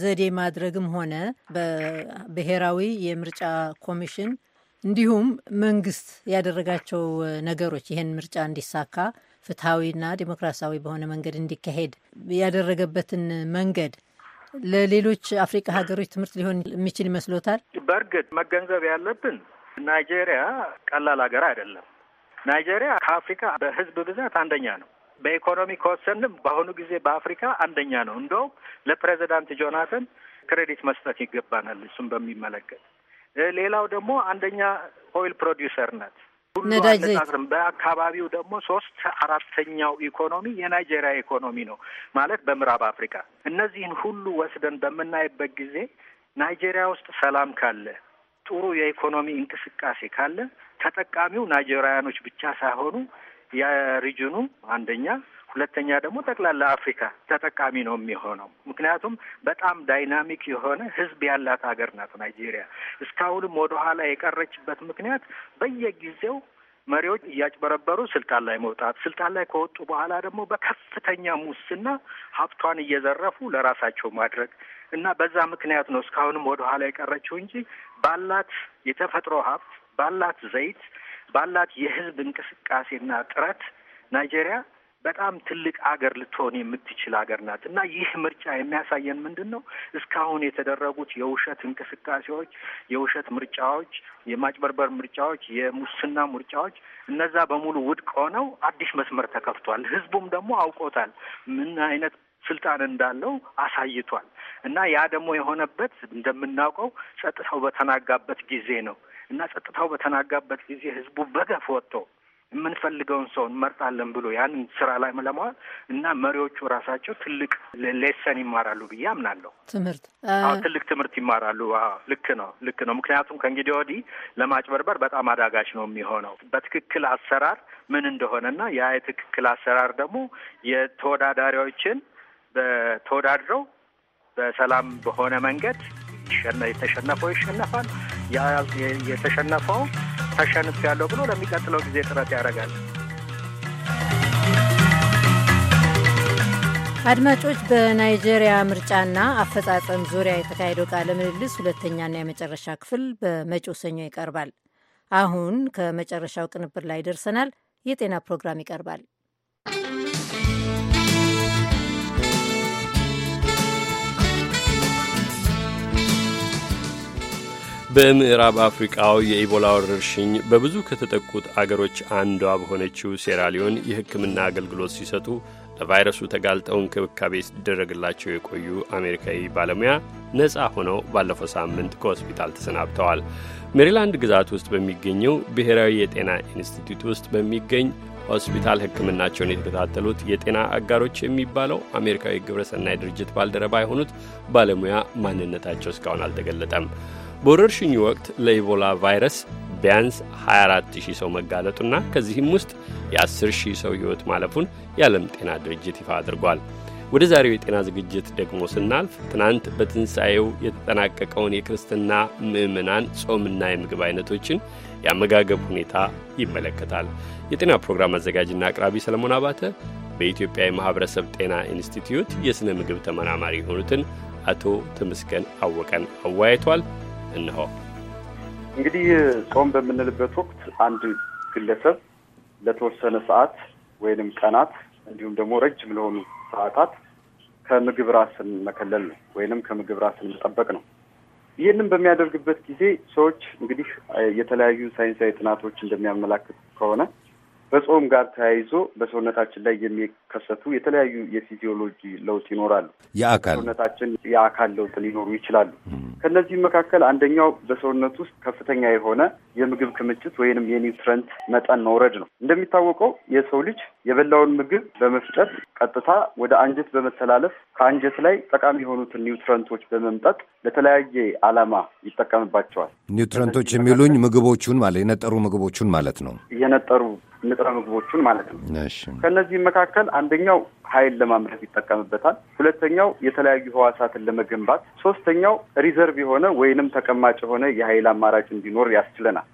ዘዴ ማድረግም ሆነ በብሔራዊ የምርጫ ኮሚሽን እንዲሁም መንግስት ያደረጋቸው ነገሮች ይህን ምርጫ እንዲሳካ ፍትሐዊና ዲሞክራሲያዊ በሆነ መንገድ እንዲካሄድ ያደረገበትን መንገድ ለሌሎች አፍሪካ ሀገሮች ትምህርት ሊሆን የሚችል ይመስሎታል? በእርግጥ መገንዘብ ያለብን ናይጄሪያ ቀላል ሀገር አይደለም። ናይጄሪያ ከአፍሪካ በህዝብ ብዛት አንደኛ ነው። በኢኮኖሚ ከወሰንም በአሁኑ ጊዜ በአፍሪካ አንደኛ ነው። እንደውም ለፕሬዚዳንት ጆናተን ክሬዲት መስጠት ይገባናል። እሱም በሚመለከት ሌላው ደግሞ አንደኛ ኦይል ፕሮዲውሰር ናት። ነዳጅ በአካባቢው ደግሞ ሶስት አራተኛው ኢኮኖሚ የናይጄሪያ ኢኮኖሚ ነው ማለት በምዕራብ አፍሪካ። እነዚህን ሁሉ ወስደን በምናይበት ጊዜ ናይጄሪያ ውስጥ ሰላም ካለ ጥሩ የኢኮኖሚ እንቅስቃሴ ካለ ተጠቃሚው ናይጄሪያኖች ብቻ ሳይሆኑ የሪጅኑ አንደኛ ሁለተኛ ደግሞ ጠቅላላ አፍሪካ ተጠቃሚ ነው የሚሆነው። ምክንያቱም በጣም ዳይናሚክ የሆነ ህዝብ ያላት ሀገር ናት ናይጄሪያ። እስካሁንም ወደኋላ የቀረችበት ምክንያት በየጊዜው መሪዎች እያጭበረበሩ ስልጣን ላይ መውጣት፣ ስልጣን ላይ ከወጡ በኋላ ደግሞ በከፍተኛ ሙስና ሀብቷን እየዘረፉ ለራሳቸው ማድረግ እና በዛ ምክንያት ነው እስካሁንም ወደኋላ የቀረችው እንጂ ባላት የተፈጥሮ ሀብት ባላት ዘይት ባላት የህዝብ እንቅስቃሴና ጥረት ናይጄሪያ በጣም ትልቅ አገር ልትሆን የምትችል አገር ናት እና ይህ ምርጫ የሚያሳየን ምንድን ነው? እስካሁን የተደረጉት የውሸት እንቅስቃሴዎች፣ የውሸት ምርጫዎች፣ የማጭበርበር ምርጫዎች፣ የሙስና ምርጫዎች እነዛ በሙሉ ውድቅ ሆነው አዲስ መስመር ተከፍቷል። ህዝቡም ደግሞ አውቆታል ምን አይነት ስልጣን እንዳለው አሳይቷል። እና ያ ደግሞ የሆነበት እንደምናውቀው ጸጥታው በተናጋበት ጊዜ ነው። እና ጸጥታው በተናጋበት ጊዜ ህዝቡ በገፍ ወጥቶ የምንፈልገውን ሰው እንመርጣለን ብሎ ያንን ስራ ላይ ለመዋል እና መሪዎቹ ራሳቸው ትልቅ ሌሰን ይማራሉ ብዬ አምናለሁ። ትምህርት አዎ፣ ትልቅ ትምህርት ይማራሉ። አዎ፣ ልክ ነው፣ ልክ ነው። ምክንያቱም ከእንግዲህ ወዲህ ለማጭበርበር በጣም አዳጋች ነው የሚሆነው በትክክል አሰራር ምን እንደሆነና ያ የትክክል አሰራር ደግሞ የተወዳዳሪዎችን በተወዳድረው በሰላም በሆነ መንገድ የተሸነፈው ይሸነፋል የተሸነፈው ተሸንፍ ያለው ብሎ ለሚቀጥለው ጊዜ ጥረት ያደርጋል። አድማጮች፣ በናይጄሪያ ምርጫና አፈጻጸም ዙሪያ የተካሄደው ቃለ ምልልስ ሁለተኛና የመጨረሻ ክፍል በመጪው ሰኞ ይቀርባል። አሁን ከመጨረሻው ቅንብር ላይ ደርሰናል። የጤና ፕሮግራም ይቀርባል። በምዕራብ አፍሪቃው የኢቦላ ወረርሽኝ በብዙ ከተጠቁት አገሮች አንዷ በሆነችው ሴራሊዮን የሕክምና አገልግሎት ሲሰጡ ለቫይረሱ ተጋልጠው እንክብካቤ ሲደረግላቸው የቆዩ አሜሪካዊ ባለሙያ ነፃ ሆነው ባለፈው ሳምንት ከሆስፒታል ተሰናብተዋል። ሜሪላንድ ግዛት ውስጥ በሚገኘው ብሔራዊ የጤና ኢንስቲትዩት ውስጥ በሚገኝ ሆስፒታል ሕክምናቸውን የተከታተሉት የጤና አጋሮች የሚባለው አሜሪካዊ ግብረሰናይ ድርጅት ባልደረባ የሆኑት ባለሙያ ማንነታቸው እስካሁን አልተገለጠም። በወረርሽኙ ወቅት ለኢቦላ ቫይረስ ቢያንስ 24000 ሰው መጋለጡና ከዚህም ውስጥ የ10000 ሰው ሕይወት ማለፉን የዓለም ጤና ድርጅት ይፋ አድርጓል። ወደ ዛሬው የጤና ዝግጅት ደግሞ ስናልፍ ትናንት በትንሣኤው የተጠናቀቀውን የክርስትና ምዕመናን ጾምና የምግብ ዐይነቶችን የአመጋገብ ሁኔታ ይመለከታል። የጤና ፕሮግራም አዘጋጅና አቅራቢ ሰለሞን አባተ በኢትዮጵያ የማኅበረሰብ ጤና ኢንስቲትዩት የሥነ ምግብ ተመራማሪ የሆኑትን አቶ ተመስገን አወቀን አወያይቷል። እንሆ። እንግዲህ ጾም በምንልበት ወቅት አንድ ግለሰብ ለተወሰነ ሰዓት ወይንም ቀናት እንዲሁም ደግሞ ረጅም ለሆኑ ሰዓታት ከምግብ ራስን መከለል ነው ወይንም ከምግብ ራስን መጠበቅ ነው። ይህንም በሚያደርግበት ጊዜ ሰዎች እንግዲህ የተለያዩ ሳይንሳዊ ጥናቶች እንደሚያመላክቱ ከሆነ በጾም ጋር ተያይዞ በሰውነታችን ላይ የሚከሰቱ የተለያዩ የፊዚዮሎጂ ለውጥ ይኖራሉ። ሰውነታችን የአካል ለውጥ ሊኖሩ ይችላሉ። ከእነዚህም መካከል አንደኛው በሰውነት ውስጥ ከፍተኛ የሆነ የምግብ ክምችት ወይንም የኒውትረንት መጠን መውረድ ነው። እንደሚታወቀው የሰው ልጅ የበላውን ምግብ በመፍጨት ቀጥታ ወደ አንጀት በመተላለፍ ከአንጀት ላይ ጠቃሚ የሆኑትን ኒውትረንቶች በመምጠጥ ለተለያየ ዓላማ ይጠቀምባቸዋል። ኒውትረንቶች የሚሉኝ ምግቦቹን ማለት የነጠሩ ምግቦቹን ማለት ነው የነጠሩ ንጥረ ምግቦቹን ማለት ነው። ከእነዚህም መካከል አንደኛው ኃይል ለማምረት ይጠቀምበታል። ሁለተኛው የተለያዩ ህዋሳትን ለመገንባት፣ ሶስተኛው ሪዘርቭ የሆነ ወይንም ተቀማጭ የሆነ የኃይል አማራጭ እንዲኖር ያስችለናል።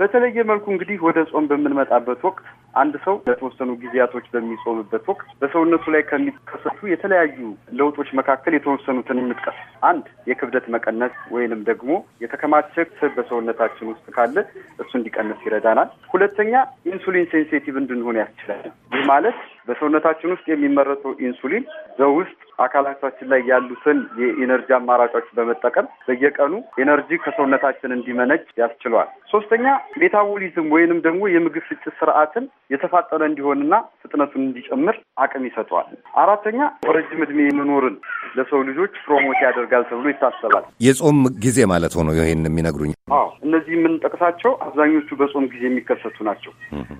በተለየ መልኩ እንግዲህ ወደ ጾም በምንመጣበት ወቅት አንድ ሰው ለተወሰኑ ጊዜያቶች በሚጾምበት ወቅት በሰውነቱ ላይ ከሚከሰቱ የተለያዩ ለውጦች መካከል የተወሰኑትን እንጥቀስ። አንድ የክብደት መቀነስ ወይንም ደግሞ የተከማቸ ስብ በሰውነታችን ውስጥ ካለ እሱ እንዲቀንስ ይረዳናል። ሁለተኛ ኢንሱሊን ሴንሴቲቭ እንድንሆን ያስችላል። ይህ ማለት በሰውነታችን ውስጥ የሚመረተው ኢንሱሊን በውስጥ አካላቻችን ላይ ያሉትን የኢነርጂ አማራጮች በመጠቀም በየቀኑ ኢነርጂ ከሰውነታችን እንዲመነጭ ያስችለዋል። ሶስተኛ ሜታቦሊዝም ወይንም ደግሞ የምግብ ፍጭት ስርዓትን የተፋጠነ እንዲሆንና ፍጥነቱን እንዲጨምር አቅም ይሰጠዋል። አራተኛ ረጅም እድሜ መኖርን ለሰው ልጆች ፕሮሞት ያደርጋል ተብሎ ይታሰባል። የጾም ጊዜ ማለት ሆኖ ይህን የሚነግሩኝ አዎ እነዚህ የምንጠቅሳቸው አብዛኞቹ በጾም ጊዜ የሚከሰቱ ናቸው።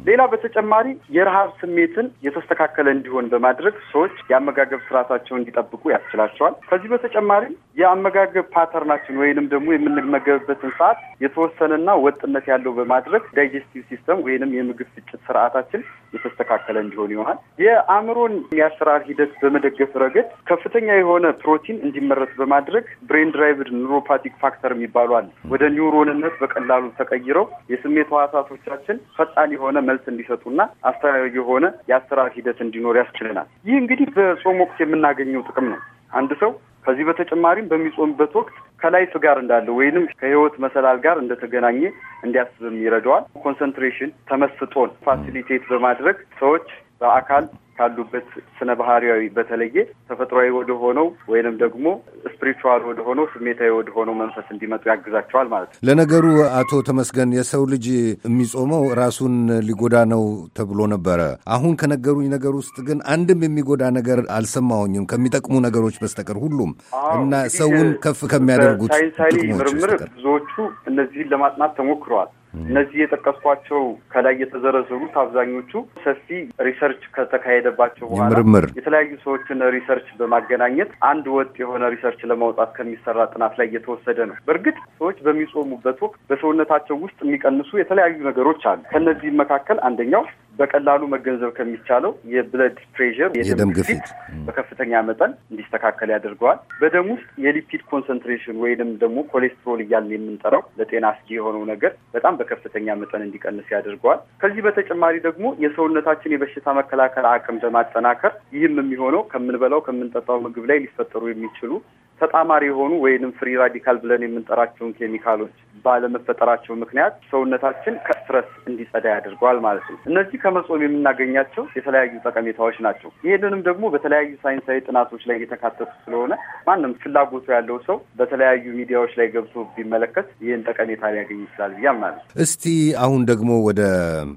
ሌላ በተጨማሪ የረሃብ ስሜትን የተስተካከለ እንዲሆን በማድረግ ሰዎች የአመጋገብ ስርዓታቸውን እንዲጠብቁ ያስችላቸዋል። ከዚህ በተጨማሪ የአመጋገብ ፓተርናችን ወይንም ደግሞ የምንመገብበትን ሰዓት የተወሰነና ወጥነት ያለው በማድረግ ዳይጀስቲቭ ሲስተም ወይንም የምግብ ፍጭት ስርዓታችን የተስተካከለ እንዲሆን ይሆናል። የአእምሮን የአሰራር ሂደት በመደገፍ ረገድ ከፍተኛ የሆነ ፕሮቲን እንዲመረት በማድረግ ብሬን ድራይቭድ ኒውሮፓቲክ ፋክተር የሚባሉ አለ ወደ ኒውሮ ከድሮንነት በቀላሉ ተቀይረው የስሜት ህዋሳቶቻችን ፈጣን የሆነ መልስ እንዲሰጡና አስተያየው የሆነ የአሰራር ሂደት እንዲኖር ያስችለናል። ይህ እንግዲህ በጾም ወቅት የምናገኘው ጥቅም ነው። አንድ ሰው ከዚህ በተጨማሪም በሚጾምበት ወቅት ከላይፍ ጋር እንዳለ ወይንም ከህይወት መሰላል ጋር እንደተገናኘ እንዲያስብም ይረዳዋል። ኮንሰንትሬሽን ተመስጦን ፋሲሊቴት በማድረግ ሰዎች በአካል ካሉበት ስነ ባህሪያዊ በተለየ ተፈጥሯዊ ወደ ሆነው ወይንም ደግሞ ስፕሪቹዋል ወደ ሆነው ስሜታዊ ወደ ሆነው መንፈስ እንዲመጡ ያግዛቸዋል ማለት ነው። ለነገሩ አቶ ተመስገን የሰው ልጅ የሚጾመው ራሱን ሊጎዳ ነው ተብሎ ነበረ። አሁን ከነገሩኝ ነገር ውስጥ ግን አንድም የሚጎዳ ነገር አልሰማሁኝም ከሚጠቅሙ ነገሮች በስተቀር ሁሉም እና ሰውን ከፍ ከሚያደርጉት ሳይንሳዊ ምርምር ብዙዎቹ እነዚህን ለማጥናት ተሞክረዋል። እነዚህ የጠቀስኳቸው ከላይ የተዘረዘሩት አብዛኞቹ ሰፊ ሪሰርች ከተካሄደባቸው በኋላ ምርምር የተለያዩ ሰዎችን ሪሰርች በማገናኘት አንድ ወጥ የሆነ ሪሰርች ለማውጣት ከሚሰራ ጥናት ላይ እየተወሰደ ነው። በእርግጥ ሰዎች በሚጾሙበት ወቅት በሰውነታቸው ውስጥ የሚቀንሱ የተለያዩ ነገሮች አሉ። ከእነዚህም መካከል አንደኛው በቀላሉ መገንዘብ ከሚቻለው የብለድ ፕሬር የደም ግፊት በከፍተኛ መጠን እንዲስተካከል ያደርገዋል። በደም ውስጥ የሊፒድ ኮንሰንትሬሽን ወይንም ደግሞ ኮሌስትሮል እያልን የምንጠራው ለጤና አስጊ የሆነው ነገር በጣም በከፍተኛ መጠን እንዲቀንስ ያደርገዋል። ከዚህ በተጨማሪ ደግሞ የሰውነታችን የበሽታ መከላከል አቅም በማጠናከር ይህም የሚሆነው ከምንበላው ከምንጠጣው ምግብ ላይ ሊፈጠሩ የሚችሉ ተጣማሪ የሆኑ ወይንም ፍሪ ራዲካል ብለን የምንጠራቸውን ኬሚካሎች ባለመፈጠራቸው ምክንያት ሰውነታችን ከስትረስ እንዲጸዳ ያደርገዋል ማለት ነው። እነዚህ ከመጾም የምናገኛቸው የተለያዩ ጠቀሜታዎች ናቸው። ይህንንም ደግሞ በተለያዩ ሳይንሳዊ ጥናቶች ላይ እየተካተቱ ስለሆነ ማንም ፍላጎቱ ያለው ሰው በተለያዩ ሚዲያዎች ላይ ገብቶ ቢመለከት ይህን ጠቀሜታ ሊያገኝ ይችላል ብዬ አምናለሁ። እስቲ አሁን ደግሞ ወደ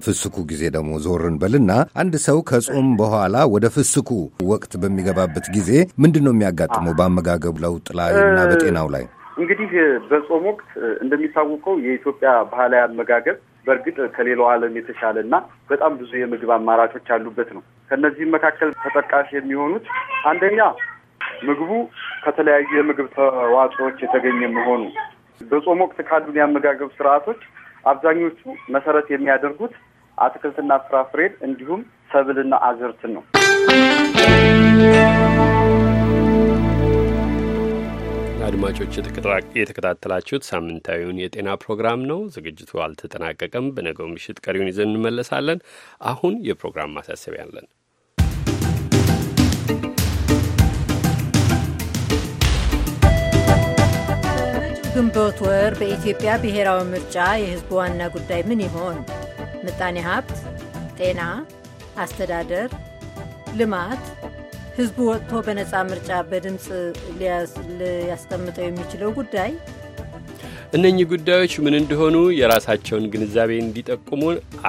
ፍስኩ ጊዜ ደግሞ ዞርን በልና አንድ ሰው ከጾም በኋላ ወደ ፍስኩ ወቅት በሚገባበት ጊዜ ምንድን ነው የሚያጋጥመው በአመጋገቡ ለውጥ ላይ እና በጤናው ላይ? እንግዲህ በጾም ወቅት እንደሚታወቀው የኢትዮጵያ ባህላዊ አመጋገብ በእርግጥ ከሌላው ዓለም የተሻለ እና በጣም ብዙ የምግብ አማራጮች ያሉበት ነው። ከእነዚህም መካከል ተጠቃሽ የሚሆኑት አንደኛ ምግቡ ከተለያዩ የምግብ ተዋጽኦዎች የተገኘ መሆኑ። በጾም ወቅት ካሉን የአመጋገብ ስርዓቶች አብዛኞቹ መሰረት የሚያደርጉት አትክልትና ፍራፍሬን እንዲሁም ሰብልና አዝርትን ነው። አድማጮች የተከታተላችሁት ሳምንታዊውን የጤና ፕሮግራም ነው። ዝግጅቱ አልተጠናቀቀም። በነገው ምሽት ቀሪውን ይዘን እንመለሳለን። አሁን የፕሮግራም ማሳሰቢያ አለን። ግንቦት ወር በኢትዮጵያ ብሔራዊ ምርጫ የሕዝቡ ዋና ጉዳይ ምን ይሆን? ምጣኔ ሀብት፣ ጤና፣ አስተዳደር፣ ልማት ህዝቡ ወጥቶ በነፃ ምርጫ በድምፅ ሊያስቀምጠው የሚችለው ጉዳይ እነኚህ ጉዳዮች ምን እንደሆኑ የራሳቸውን ግንዛቤ እንዲጠቁሙ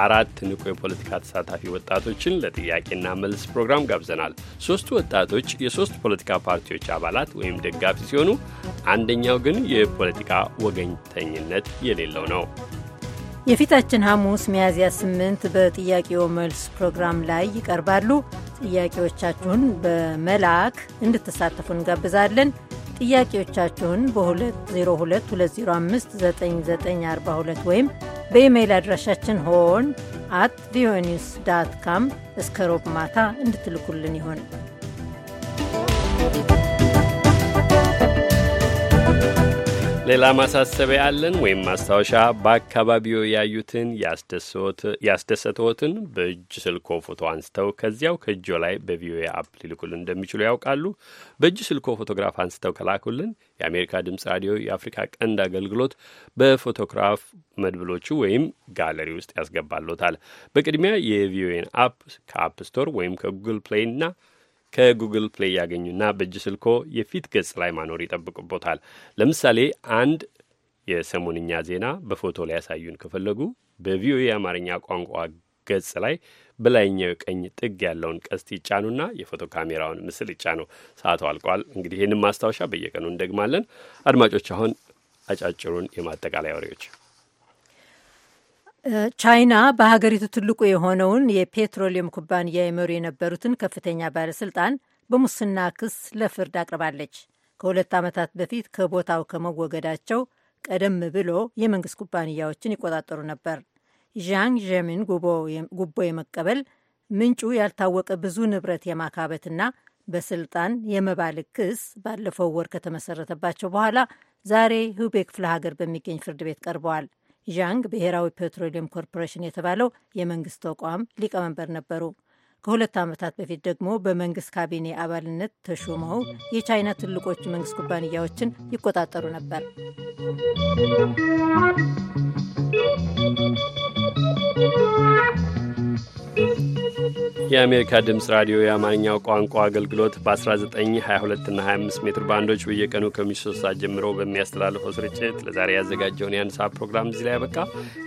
አራት ንቁ የፖለቲካ ተሳታፊ ወጣቶችን ለጥያቄና መልስ ፕሮግራም ጋብዘናል። ሶስቱ ወጣቶች የሶስት ፖለቲካ ፓርቲዎች አባላት ወይም ደጋፊ ሲሆኑ አንደኛው ግን የፖለቲካ ወገኝተኝነት የሌለው ነው። የፊታችን ሐሙስ ሚያዝያ 8 በጥያቄው መልስ ፕሮግራም ላይ ይቀርባሉ። ጥያቄዎቻችሁን በመላክ እንድትሳተፉ እንጋብዛለን። ጥያቄዎቻችሁን በ2022059942 ወይም በኢሜይል አድራሻችን ሆን አት ቪኦኤ ኒውስ ዳት ካም እስከ ሮብ ማታ እንድትልኩልን ይሆን ሌላ ማሳሰቢያ ያለን ወይም ማስታወሻ በአካባቢው ያዩትን ያስደሰተዎትን በእጅ ስልኮ ፎቶ አንስተው ከዚያው ከእጆ ላይ በቪኦኤ አፕ ሊልኩልን እንደሚችሉ ያውቃሉ። በእጅ ስልኮ ፎቶግራፍ አንስተው ከላኩልን የአሜሪካ ድምፅ ራዲዮ የአፍሪካ ቀንድ አገልግሎት በፎቶግራፍ መድብሎቹ ወይም ጋለሪ ውስጥ ያስገባሎታል። በቅድሚያ የቪኦኤን አፕ ከአፕ ስቶር ወይም ከጉግል ፕሌይ ና ከጉግል ፕሌይ ያገኙና በእጅ ስልኮ የፊት ገጽ ላይ ማኖር ይጠብቅቦታል። ለምሳሌ አንድ የሰሞንኛ ዜና በፎቶ ላይ ያሳዩን ከፈለጉ በቪኦኤ የአማርኛ ቋንቋ ገጽ ላይ በላይኛው ቀኝ ጥግ ያለውን ቀስት ይጫኑና የፎቶ ካሜራውን ምስል ይጫኑ። ሰዓቱ አልቋል። እንግዲህ ይህንም ማስታወሻ በየቀኑ እንደግማለን። አድማጮች፣ አሁን አጫጭሩን የማጠቃለያ ወሬዎች ቻይና በሀገሪቱ ትልቁ የሆነውን የፔትሮሊየም ኩባንያ የመሩ የነበሩትን ከፍተኛ ባለስልጣን በሙስና ክስ ለፍርድ አቅርባለች። ከሁለት ዓመታት በፊት ከቦታው ከመወገዳቸው ቀደም ብሎ የመንግስት ኩባንያዎችን ይቆጣጠሩ ነበር። ዣንግ ዣሚን ጉቦ የመቀበል ምንጩ ያልታወቀ ብዙ ንብረት የማካበትና በስልጣን የመባልግ ክስ ባለፈው ወር ከተመሰረተባቸው በኋላ ዛሬ ሁቤ ክፍለ ሀገር በሚገኝ ፍርድ ቤት ቀርበዋል። ዣንግ ብሔራዊ ፔትሮሊየም ኮርፖሬሽን የተባለው የመንግስት ተቋም ሊቀመንበር ነበሩ። ከሁለት ዓመታት በፊት ደግሞ በመንግስት ካቢኔ አባልነት ተሾመው የቻይና ትልቆች መንግስት ኩባንያዎችን ይቆጣጠሩ ነበር። Thank you. የአሜሪካ ድምፅ ራዲዮ የአማርኛው ቋንቋ አገልግሎት በ1922 እና 25 ሜትር ባንዶች በየቀኑ ከምሽቱ ሶስት ሰዓት ጀምሮ በሚያስተላልፈው ስርጭት ለዛሬ ያዘጋጀውን የአንድ ሰዓት ፕሮግራም እዚህ ላይ ያበቃ።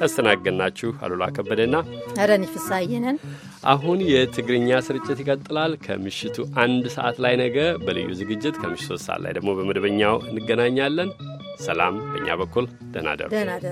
ያስተናገድናችሁ አሉላ ከበደና ረኒ ፍሳየነን። አሁን የትግርኛ ስርጭት ይቀጥላል። ከምሽቱ አንድ ሰዓት ላይ ነገ በልዩ ዝግጅት ከምሽቱ 3 ሰዓት ላይ ደግሞ በመደበኛው እንገናኛለን። ሰላም በእኛ በኩል ደህና ደሩ።